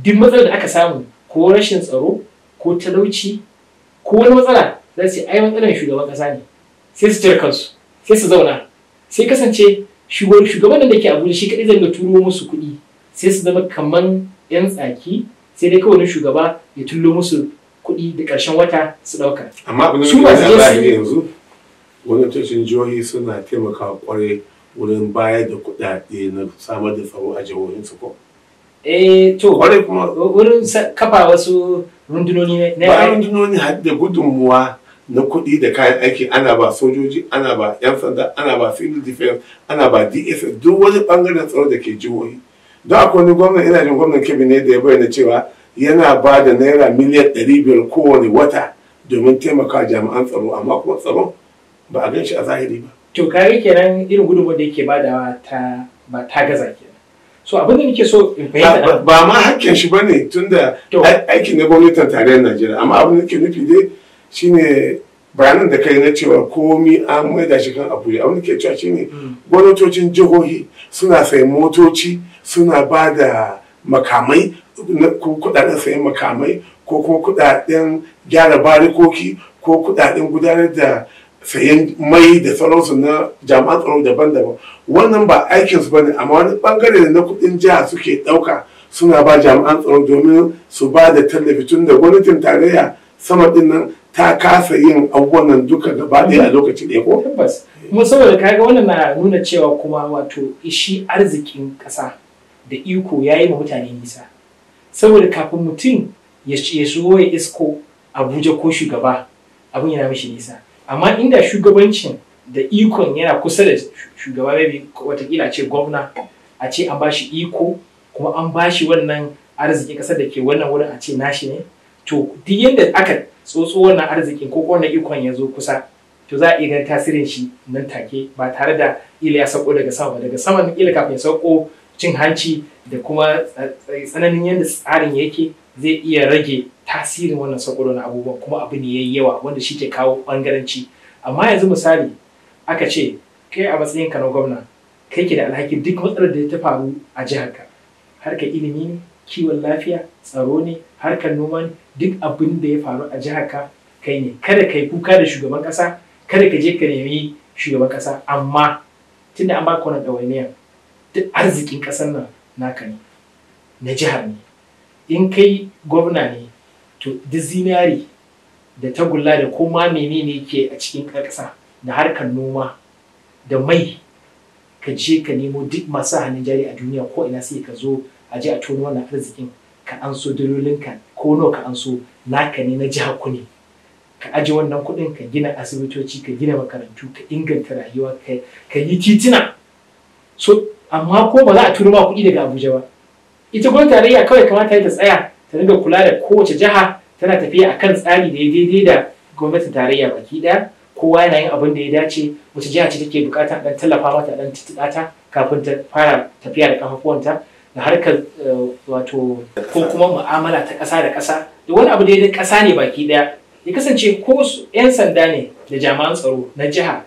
duk matsalar da aka samu ko rashin tsaro ko talauci ko wani matsala za su ai matsalar shugaban kasa ne sai su cire kansu sai su zauna sai kasance shugaban da ke abuja shi kaɗai zai ga turo musu kuɗi sai su zama kaman yan tsaki sai dai kawai shugaba ya tullo musu kuɗi da ƙarshen wata su ɗauka. Amma abin da yanzu wani tashin jihohi suna taimakawa kwarai wurin bayar da kuɗaɗe na samar da tsaro a jihohin su ko eh to wurin kafa wasu rundunoni na ba rundunoni har da gudunmuwa na kuɗi da kayan aiki ana ba sojoji ana ba yan sanda ana ba civil defense ana ba dss duk wani bangaren tsaro da ke jihohi don akwai wani gwamnan ina jin gwamnan kebbi ne da ya bayyana cewa yana ba da naira miliyan ɗari biyar kowane wata domin taimaka jami'an tsaro amma kuma tsaro ba a gan shi a zahiri ba to kare kenan irin gudunmu da yake badawa ta ba ta gaza kenan so abin da nake so in fahimta ba ma hakkin shi bane tunda aikin na gwamnatin tarayyar Najeriya amma abin da ke nufi dai shine bayanan da kai na cewa komi an mai da shi kan abuja abin da ke cewa shine hmm. gwamnatocin jihohi suna sayi motoci suna ba da makamai ko kudaden sayan makamai ko kuma kudaden gyara barikoki ko kudaden gudanar da sayen mai da sauransu na jami'an tsaro daban-daban wannan ba aikinsu ba ne amma wani bangare da na kudin jiha suke dauka suna ba jami'an tsaro domin su ba da tallafi tun da gwamnatin tarayya sama din nan ta kasa yin abubuwan nan duka gaba ɗaya a lokaci ɗaya ko? Tabbas. Kuma saboda kaga wannan na nuna cewa kuma wato ishi arzikin ƙasa da iko yayi yi mutane nisa. Saboda kafin mutum ya shigo ya isko Abuja ko shugaba abun yana mishi nisa. amma inda shugabancin da ikon yana kusa da shugaba mai watakila ce gwamna a ce an bashi iko kuma an bashi wannan arzikin kasar da ke wannan wurin a ce nashi ne to duk yadda aka tsotso wannan arzikin ko wannan ikon ya zo kusa to za a iya ganin tasirin shi nan take ba tare da ila ya sauko daga sama ba daga sama ila kafin ya sauko cin hanci da kuma tsananin yadda tsarin yake zai iya rage tasirin wannan sakwaro na abubuwan kuma abu ne ya yawa wanda shi ke kawo ɓangaranci amma yanzu misali aka ce kai a matsayin ka na gwamna kai ke da alhaki duk matsalar da ta faru a jihar jiharka harkar ilimi ne kiwon lafiya tsaro ne harkar noma ne duk abin da ya faru a jihar ka, kai ne kada ka yi kuka da shugaban kasa kada ka je ka nemi shugaban kasa amma tunda an baka wannan ɗawainiyar duk arzikin ƙasar nan naka ne na jihar ne in kai gwamna ne to duk zinari da tagulla da koma menene ke a cikin ƙasa da harkar noma da mai ka je ka nemo duk masu hannun jari a duniya ko ina sai ka zo a je a tono wannan arzikin ka an so dalolinka ko nawa ka an so naka ne na jiha ku ne ka aje wannan kuɗin ka gina asibitoci ka gina makarantu ka inganta rayuwa ka yi titina so amma ko ba za a turo ma kuɗi daga abuja ba ita gwamnati tarayya kawai kamata ta tsaya ta dinga kula da kowace jiha tana tafiya a kan tsari da ya daidai da gwamnatin tarayya baki ɗaya kowa yana yin abin da ya dace wace jiha ce take bukata ɗan tallafa mata dan titiɗata kafin ta fara tafiya da kafafuwanta da harkar eh, wato ko kuma mu'amala ta ƙasa da ƙasa da wani abu da ya ƙasa ne baki ɗaya ya kasance ko 'yan sanda ne da jami'an tsaro na jiha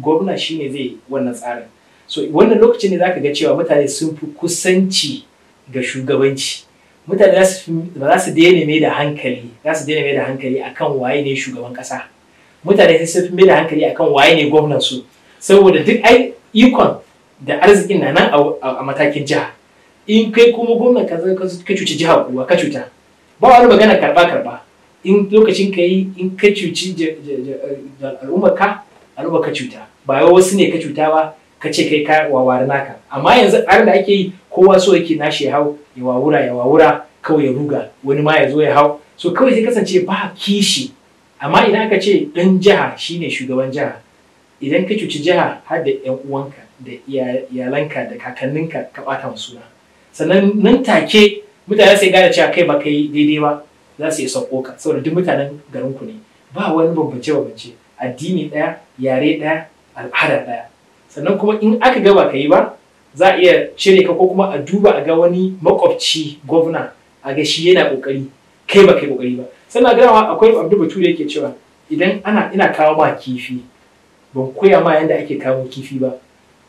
gwamna shine zai wannan tsarin so wannan lokacin ne ka ga cewa mutane sun fi kusanci ga shugabanci mutane za su daina mai da hankali za su daina mai da hankali akan waye ne shugaban kasa mutane sun fi mai da hankali akan waye ne gwamnan su saboda duk ai ikon da arzikin na nan a matakin jiha in kai kuma gwamnan ka ka cuci jiha kuwa ka cuta ba wani magana karba karba in lokacin ka yi in ka cuci al'ummar ka al'ummar ka cuta ba wasu ne ka cuta ba ka ce kai ka wawari naka amma yanzu har da ake yi kowa so yake nashi ya hau ya wawura ya wawura kawai ya ruga wani ma ya zo ya hau so kawai zai kasance ba kishi amma idan aka ce ɗan jiha shine shugaban jiha idan ka cuci jiha har da yan uwanka da iyalanka da kakanninka ka ɓata na sannan nan take mutane sai gane cewa kai ba kai daidai ba za su yi sauko ka saboda duk mutanen garin ku ne ba wani bambance bambance addini ɗaya yare ɗaya al'ada ɗaya sannan kuma in aka gaba ka yi ba za a iya cire ka ko kuma a duba a ga wani makwabci gwamna a ga shi yana kokari kai ba kai kokari ba sannan gama akwai abdu bature yake cewa idan ana ina kawo ma kifi ban koya ma yanda ake kawo kifi ba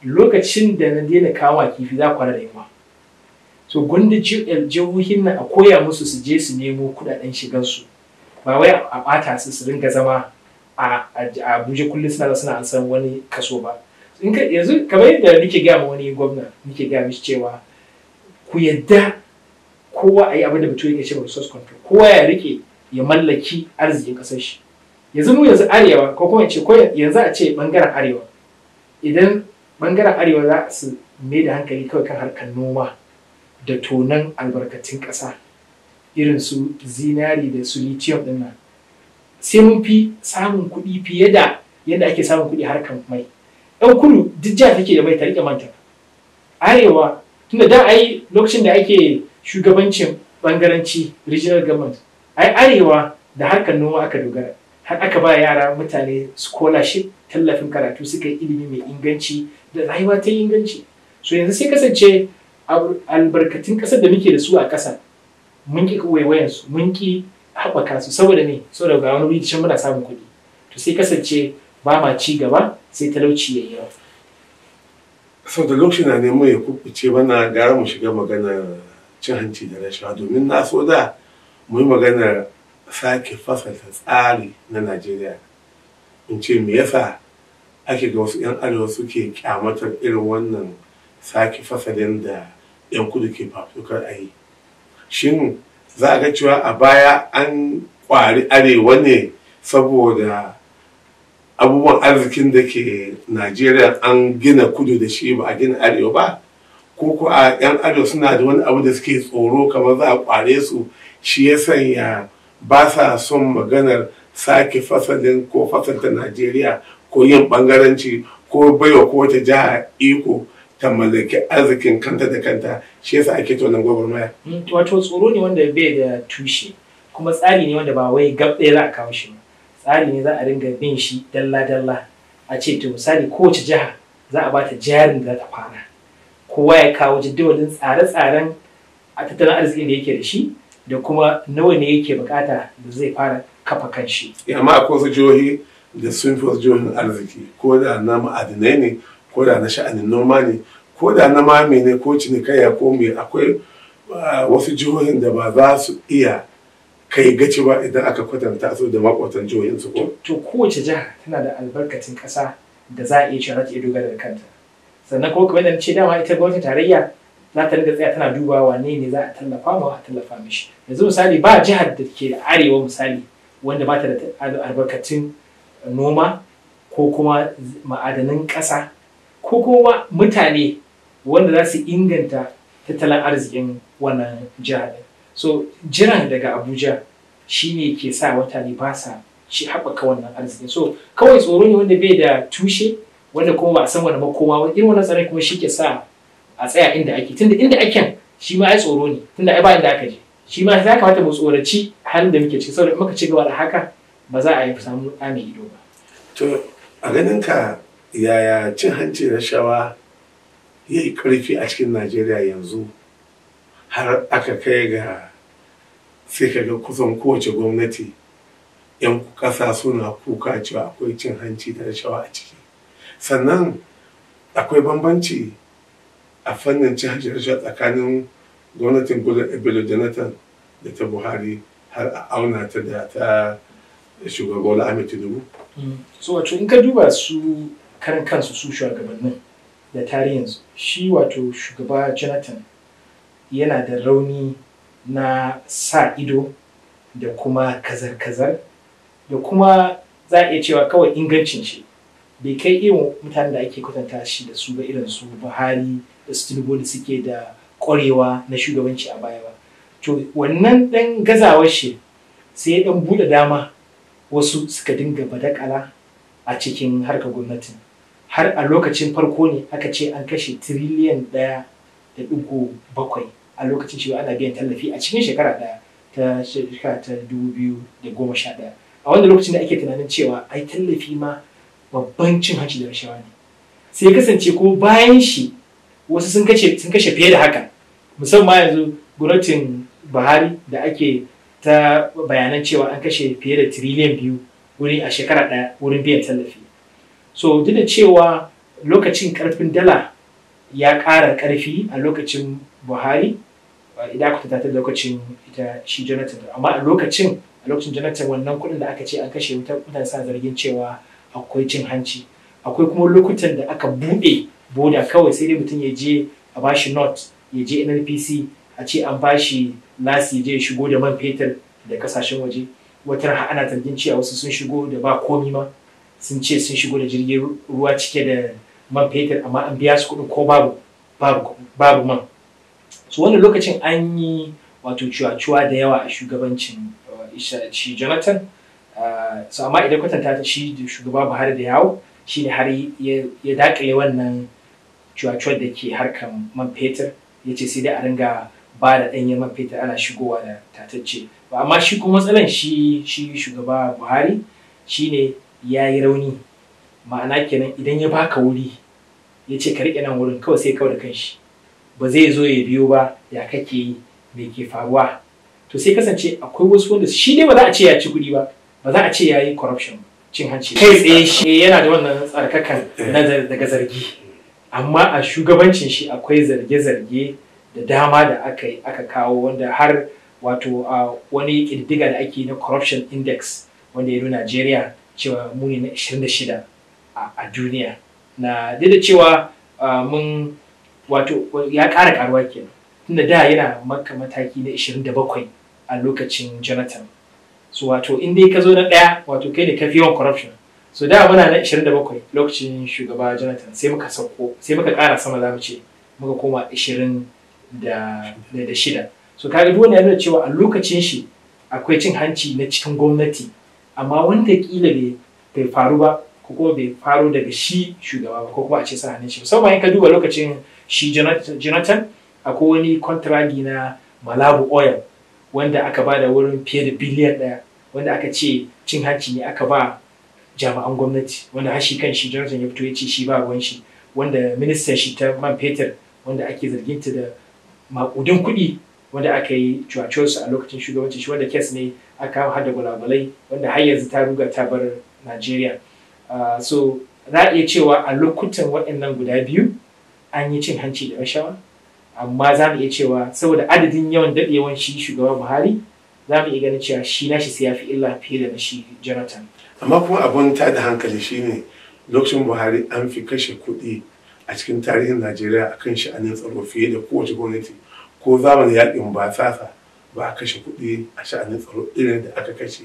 lokacin da na daina kawo ma kifi za kwana da yamma so gwanda eh, jihohin nan a koya musu su je su nemo kudaden shigansu ba wai a bata su su ringa zama a abuja kullum suna suna an san wani kaso ba in ka yanzu kamar yadda nake gaya wani gwamna nake gaya mishi cewa ku yadda kowa a yi abin da mutum yake cewa resource control kowa ya rike ya mallaki arzikin kasar shi yanzu mu yanzu arewa ko kuma ce ko yanzu a ce bangaren arewa idan bangaren arewa za su mai da hankali kawai kan harkar noma da tonan albarkatun ƙasa irin su zinari da su lithium ɗin nan sai mun fi samun kuɗi fiye da yadda ake samun kuɗi harkar mai yan kudu duk jiha take da mai ta rike manta arewa tunda da ai lokacin da ake shugabancin bangaranci regional government ai arewa da harkar noma aka dogara har aka ba yara mutane scholarship tallafin karatu suka yi ilimi mai inganci da rayuwa ta inganci so yanzu sai kasance albarkatun kasar da muke da su a ƙasa mun ki waiwayan su mun ki haɓaka su saboda ne saboda ga wani wuri muna samun kuɗi to sai kasance ba ma ci gaba sai talauci ya yi yawa sau da lokaci na nemo ya kukuce mana gara mu shiga maganar cin hanci da rashawa domin na so da mu yi maganar sake fasalta tsari na najeriya in ce me yasa ake ga wasu 'yan arewa suke kyamatar irin wannan sake fasalin da 'yan kudu ke fafutukar a yi shin za a ga cewa a baya an kwari arewa ne saboda abubuwan arzikin da ke najeriya an gina kudu da shi ba a gina arewa ba ko ko a yan arewa suna da wani abu da suke tsoro kamar za a kware su shi ya sanya ba sa son maganar sake fasalin ko fasalta najeriya ko yin bangaranci ko baiwa ko wata jiha iko ta mallaki arzikin kanta da kanta shi yasa ake tonan gwagwarmaya. Mm, wato tsoro ne wanda bai da tushe kuma tsari ne wanda ba wai gab za a kawo shi ba tsari ne za a ringa bin shi dalla-dalla a ce to misali kowace jiha za a bata jarin da ta kwana kowa ya kawo jaddawalin tsare-tsaren a tattalin arzikin da yake da shi da kuma nawa ne yake bukata da zai fara kafa shi. Eh, amma akwai wasu jihohi da sun fi wasu jihohin arziki ko da na ma'adinai ne ko da na sha'anin noma ne ko da na mami ne ko cinikayya ko me akwai ah, wasu jihohin da ba za su iya kai gaci ba idan aka kwatanta su da makwatan jihohin su ko? To kowace jiha tana da albarkacin ƙasa da za a iya cewa za ta iya dogara da kanta. Sannan kuma kamar da ce dama ita gwamnatin tarayya za ta riga tsaya tana dubawa ne ne za a tallafa ma a tallafa mishi. Yanzu misali ba jihar da ke arewa misali wanda ba ta da albarkacin noma ko kuma ma'adanin ƙasa ko kuma mutane wanda za su inganta tattalin arzikin wannan jihar. so jiran daga abuja shine ke sa watane ba sa shi haɓaka wannan arziki. so kawai tsoro ne wanda bai da tushe wanda kuma ba a san wani makoma wani irin wannan tsaron kuma shi ke sa a tsaya inda ake tunda inda ake shi ma ai tsoro ne tunda ai ba inda aka je shi ma za kamata mu tsoraci halin da muke ciki saboda muka ci gaba da haka ba za a yi samu amin ido ba. to a ganin ka yaya cin hanci rashawa ya yi ƙarfi a cikin najeriya yanzu har aka kai ga sai ka ga kusan kowace gwamnati 'yan kasa suna kuka cewa akwai cin hanci da rashawa a ciki sannan akwai bambanci a fannin cin hanci da rashawa tsakanin gwamnatin gudun ebelo jonathan da ta buhari har a auna ta da ta shugaba tinubu mm. so wato in ka duba su karan kansu su shugabannin da tarihinsu shi wato shugaba jonathan yana da rauni na sa ido da kuma kazar-kazar da kuma za a iya cewa kawai ingancin shi bai kai irin mutanen da ake kwatanta shi da su ba irin su buhari da su da suke da ƙwarewa na shugabanci a baya ba to wannan ɗan gazawar shi sai ya ɗan buɗe dama wasu suka dinga badakala a cikin harkar gwamnatin har a lokacin farko ne aka ce an kashe tiriliyan ɗaya da ɗigo bakwai a lokacin cewa ana biyan tallafi a cikin shekara ɗaya ta shekara ta dubu biyu da goma sha ɗaya a wanda lokacin da ake tunanin cewa ai tallafi ma babban cin hanci da rashawa ne sai kasance ko bayan shi wasu sun kashe sun kashe fiye da haka musamman yanzu gwamnatin buhari da ake ta bayanan cewa an kashe fiye da tiriliyan biyu wurin a shekara ɗaya wurin biyan tallafi so duk da cewa lokacin karfin dala ya ƙara ƙarfi a lokacin buhari idan aka tattata lokacin ita shi jonathan amma a lokacin a lokacin jonathan wannan kuɗin da aka ce an kashe mutane sa zargin cewa akwai cin hanci akwai kuma lokutan da aka buɗe boda kawai sai dai mutum ya je a bashi not ya je nnpc a ce an bashi nasi je shigo da man fetur da kasashen waje wata ana zargin cewa wasu sun shigo da ba komi ma sun ce sun shigo da jirgin ruwa cike da man fetur amma an biya su kuɗin ko babu babu man su wani lokacin an yi wato cuwa-cuwa da yawa a shugabancin uh, shi jonathan uh, su amma idan kwatanta ta shi da shugaba buhari da yawo shi ne har ya dakile wannan cuwa-cuwa da ke harkan man fetur ya ce sai dai a ringa ba da ɗanyen man fetur ana shigowa da tatacce ba amma shi kuma matsalan shi shi shugaba buhari shi ne ya yi rauni ma'ana kenan idan ya baka wuri ya ce ka riƙe nan wurin kawai sai kawai da kanshi ba zai zo ya biyo ba ya kake yi me ke faruwa to sai kasance akwai wasu wanda shi ne ba za a ce ya ci kuɗi ba ba za a ce ya yi corruption cin hanci kai tsaye eh, shi yana da wannan tsarkakan eh. daga zargi amma a shugabancin shi akwai zarge-zarge da dama da aka aka kawo wanda har wato a wani ƙididdiga da ake na corruption index wanda ya nuna Najeriya cewa muni na 26 a duniya na da cewa mun wato ya ƙara ƙaruwa kenan tunda da yana maka mataki na 27 a lokacin jonathan so wato in dai ka zo na ɗaya wato kai ne kafi yawan corruption so da muna na 27 lokacin shugaba jonathan sai muka sauko sai muka ƙara sama za mu ce muka koma 26 da shida so ka ga wani ya nuna cewa a lokacin shi akwai cin hanci na cikin gwamnati amma wanda kila bai faru ba ko kuma bai faru daga shi shugaba ko kuma a ce sa hannun shi musamman in ka duba lokacin shi jonathan akwai wani kwantiragi na malabu oil wanda aka ba da wurin fiye da biliyan daya wanda aka ce cin hanci ne aka ba jami'an gwamnati wanda hashi kan shi jonathan ya fito ya ce shi ba ruwan shi wanda ministan shi ta man fetur wanda ake zarginta da makudin kuɗi wanda aka yi cuwacuwarsu a lokacin shugabancin shi wanda kes ne aka hada gwalabalai wanda har yanzu ta ruga ta bar najeriya ah, so za a iya cewa a lokutan waɗannan guda biyu an yi cin hanci da rashawa amma za mu iya cewa saboda adadin yawan daɗewan shi shugaban buhari za mu iya ganin cewa shi nashi sai ya fi illa fiye da na shi jonathan amma kuma abun ta da hankali shine lokacin buhari an fi kashe kuɗi a cikin tarihin najeriya akan sha'anin tsaro fiye da kowace gwamnati ko zamanin yakin ba tsasa ba a kashe kuɗi a sha'anin tsaro irin da aka kashe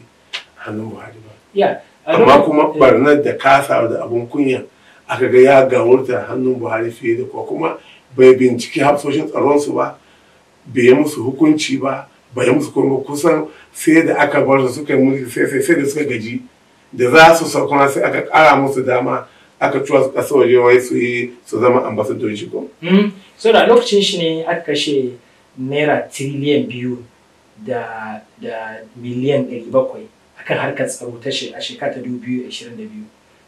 hannun buhari ba amma kuma barnar da kasa da abun kunya aka ga ya hannun buhari fiye da kuwa kuma bai binciki hafsoshin tsaronsu ba bai yi musu hukunci ba bai yi musu kuma kusan sai da aka bar su suka mulki sai sai sai da suka gaji da za su sauka sai aka kara musu dama aka tuwa su kasa waje wai su yi su zama ambasadori shi ko. Hmm. so da lokacin shi ne aka kashe naira tiriliyan biyu da da miliyan ɗari bakwai akan harkar tsaro ta a shekara ta dubu biyu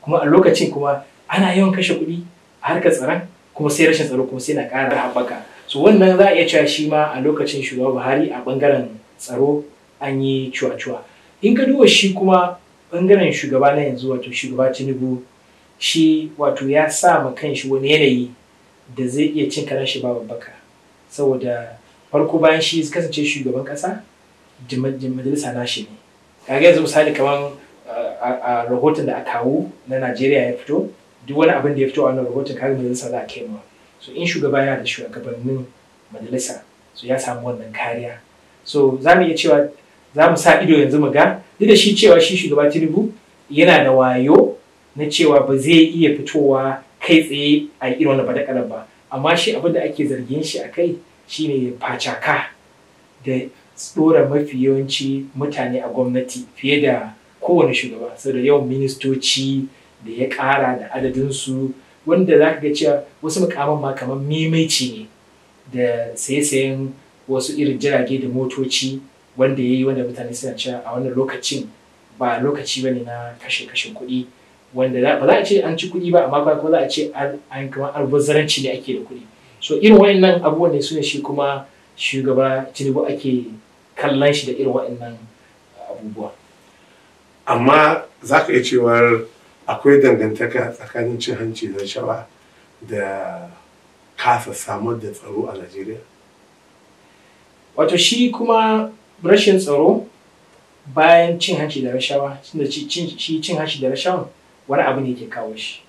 kuma a lokacin kuma ana yawan kashe kuɗi a harkar tsaron kuma sai rashin tsaro kuma sai na ƙara haɓaka so wannan za a iya cewa shi ma a lokacin shugaba buhari a ɓangaren tsaro an yi cuwa-cuwa in ka duba shi kuma ɓangaren shugaba na yanzu wato shugaba tinubu shi wato ya sa ma kanshi wani yanayi da zai iya cin karan shi ba babbaka saboda farko bayan shi kasance shugaban ƙasa majalisa nashi ne kaga yanzu misali kamar a rahoton da a kawo na najeriya ya fito duk wani abin da ya fito a wannan rahoton kaga majalisa za a kai ma so in shugaba yana da shugabannin majalisa so ya samu wannan kariya so za mu iya cewa za mu sa ido yanzu mu ga duk da shi cewa shi shugaba tinubu yana da wayo na cewa ba zai iya fitowa kai tsaye a irin wannan badakalar ba amma shi abin da ake zargin shi a kai shine facaka da tsora mafi yawanci mutane a gwamnati fiye da kowane shugaba saboda yawan ministoci da ya ƙara da adadinsu wanda za ka ga cewa wasu mukaman ma kamar maimaici ne da saye-sayen wasu irin jirage da motoci wanda ya yi wanda mutane suna cewa a wannan lokacin ba lokaci ba ne na kashe-kashen kuɗi wanda ba za a ce an ci kuɗi ba amma kuma za a ce an kamar albazaranci ne ake da kuɗi so irin wa'annan abubuwan ne sune shi kuma shugaba tinubu ake kallon shi da irin wa'annan abubuwa amma za ka iya cewar akwai dangantaka tsakanin cin hanci da shawa da kasa samar da tsaro a najeriya wato shi kuma rashin tsaro bayan cin hanci da rashawa tunda shi cin hanci da rashawa wani abu ne ke kawo shi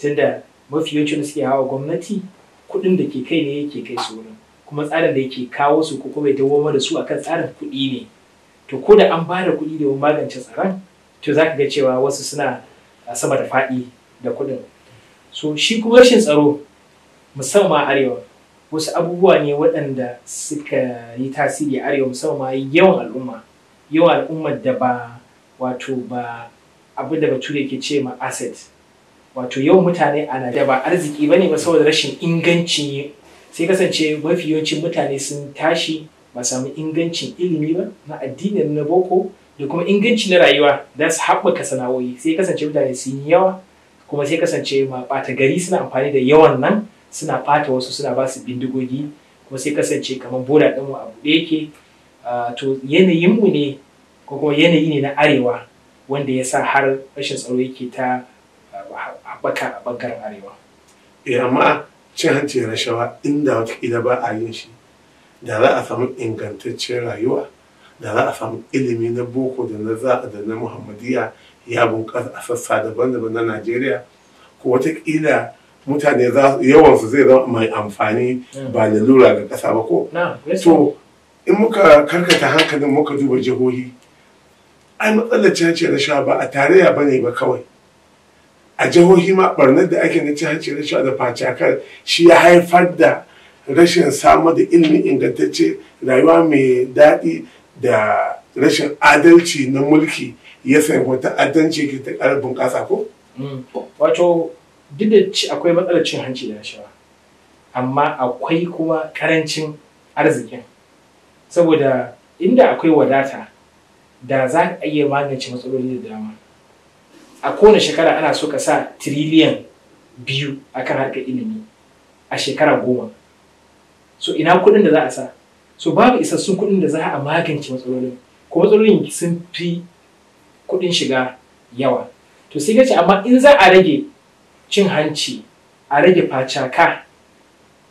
tunda mafi yawancin da suke hawa gwamnati kuɗin da ke kai ne yake kai su wurin kuma tsarin da yake kawo su ko kuma ya dawo da su akan tsarin kuɗi ne to ko da an ba da kuɗi domin magance tsaron to za ka ga cewa wasu suna asaba da faɗi da kuɗin so shi kuma rashin tsaro musamman arewa wasu abubuwa ne waɗanda suka yi tasiri a arewa musamman yawan al'umma yawan al'ummar da ba wato ba abu da bature ke ce ma asset wato yawan mutane ana da ba arziki bane ba saboda rashin inganci sai kasance mafi yawancin mutane sun tashi ba samu ingancin ilimi ba na addinin na boko da kuma inganci na rayuwa za su haɓaka sana'o'i sai kasance mutane sun yi yawa kuma sai kasance ma ɓata gari suna amfani da yawan nan suna ɓata wasu suna ba su bindigogi kuma sai kasance kamar bola mu a buɗe yake ah, to yanayin mu ne ko kuma yanayi ne na arewa wanda ya sa har rashin tsaro yake ta ah, haɓaka a ɓangaren arewa. Eh amma cin hanci rashawa inda wata ba a yin shi da za a samu ingantaccen rayuwa. da za a samu ilimi na boko da na za da na muhammadiyya ya bunƙasa a sassa daban-daban na najeriya ko watakila mutane yawansu zai zama mai amfani hmm. ba da lura ga ƙasa ba ko so in muka karkata hankalin muka duba jihohi ai matsalar cin na rashawa ba a tarayya ba ne ba kawai a jihohi ma barnar da ake na cin hanci rashawa da facakar shi ya haifar da rashin samar da ilimin ingantacce rayuwa mai daɗi da rashin adalci na mulki ya wata ta'addanci ke ta ƙara bunƙasa ko? Mm. Wato duk da akwai matsalar cin hanci da rashawa amma akwai kuma karancin arzikin saboda inda akwai wadata da za a iya magance matsaloli da dama a kowane shekara ana so ka sa tiriliyan biyu kan harkar ilimi a shekara goma so ina kuɗin da za a sa so babu isassun kuɗin da za a magance matsalolin ko matsalolin sun fi kuɗin shiga yawa to sai ce amma in za a rage cin hanci a rage facaka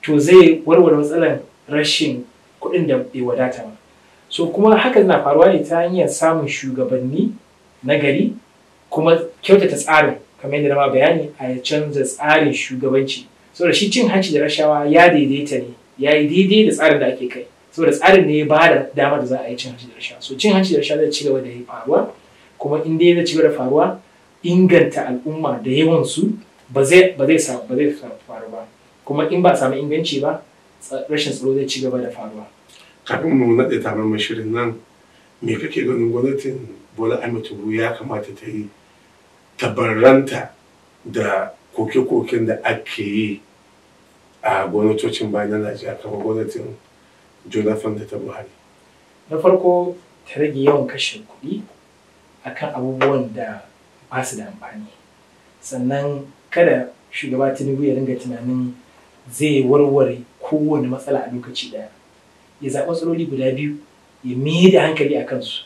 to zai warware matsalar rashin kuɗin da bai wadata ba so kuma haka na faruwa ne ta hanyar samun shugabanni na gari kuma kyautata tsarin kamar yadda na ba bayani a canza tsarin shugabanci saboda shi cin hanci da rashawa ya daidaita ne ya yi daidai da tsarin da ake kai saboda tsarin ne ya ba da dama da za a yi cin hanci da rasha, so cin hanci da rasha zai ci gaba da yi faruwa kuma in dai zai ci gaba da faruwa inganta al'umma da yawan su ba zai ba zai ba zai faru ba kuma in ba samu inganci ba rashin tsaro zai ci gaba da faruwa kafin mu naɗe taron mashirin nan me kake ganin gwamnatin bola ahmed tinubu ya kamata ta yi tabarranta da koke-koken da ake yi a gwamnatocin bayan najeriya kamar gwamnatin jonathan da ta buhari na farko ta rage yawan kashe kuɗi akan abubuwan da ba su da amfani sannan kada shugaba tinubu ya ringa tunanin zai warware kowane matsala a lokaci ɗaya ya zaɓi matsaloli guda biyu ya miye da hankali a kansu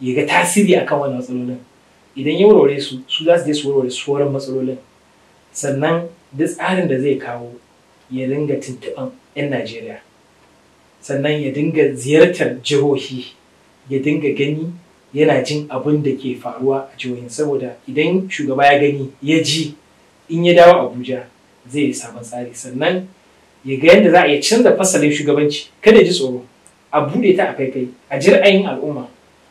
ya ga tasiri akan wannan matsalolin idan ya warware su su za su je su warware sauran matsalolin sannan duk tsarin da zai kawo ya ringa tuntuɓan 'yan najeriya sannan ya dinga ziyartar jihohi ya dinga gani yana jin abin da ke faruwa a jihohin saboda idan shugaba ya gani ya ji in ya dawo abuja zai yi sabon tsari sannan ya ga yadda za a iya canza fasalin shugabanci kada ji tsoro a bude ta a kai a ji ra'ayin al'umma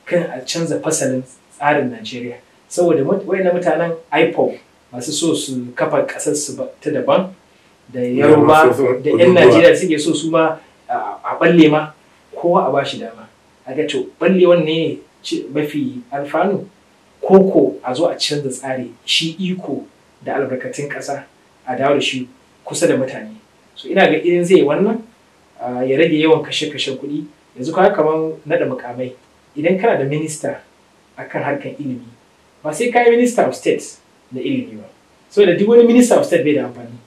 kan a canza fasalin tsarin najeriya saboda wayannan mutanen ipop masu so su kafa kasar su ta daban da yaruba da yan najeriya suke so su ma a balle ma kowa a ba shi dama a ga to balle wanne mafi alfanu Ko-ko a zo a canza tsari shi iko da albarkatun ƙasa a dawo da shi kusa da mutane so ina ga idan zai wannan ya rage yawan kashe kashe kuɗi yanzu kawai kamar naɗa mukamai idan kana da minista a kan harkar ilimi ba sai ka yi minista of state na ilimi ba so da duk wani minista of state bai da amfani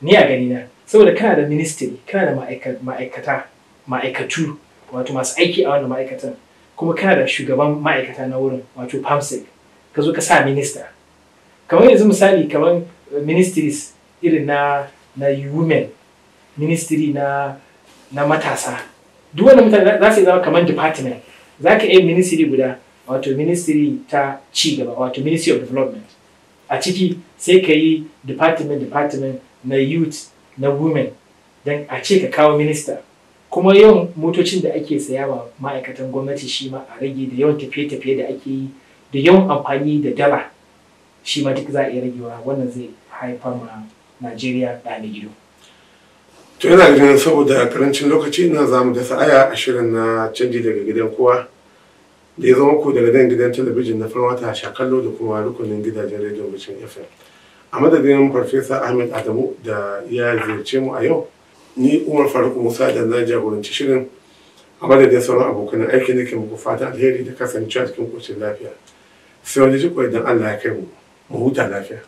ni a ganina saboda kana da ministry kana da ma'aikata ma'aikatu wato masu aiki a wannan ma'aikatan kuma kana da shugaban ma'aikata na wurin wato pamsec ka zo ka sa minista kamar yanzu misali kamar ministries irin na na women ministry na na matasa duk wanda mutane za su zama kamar department za ka yi ministry guda wato ministry ta ci gaba wato ministry of development a ciki sai ka yi department department na youth na women don a ce ka kawo minista kuma yawan motocin da ake saya wa ma'aikatan gwamnati shi ma a rage da yawan tafiye-tafiye da ake yi da yawan amfani da dala shi ma duk za a iya ragewa wannan zai haifar ma najeriya da gido to yana ganin saboda karancin lokaci ina zamu mu dasa aya shirin na canji daga gidan kowa da ya zama ku daga gidan talabijin na farwata shakallo da kuma rukunin gidajen rediyo bacin fm a madadin farfesa ahmed adamu da ya ziyarce mu a yau ni umar faruk musa da na jagoranci shirin a madadin sauran abokan aiki nake muku fatan alheri da kasancewa cikin kocin lafiya sai wani jiko idan allah ya kai mu mu huta lafiya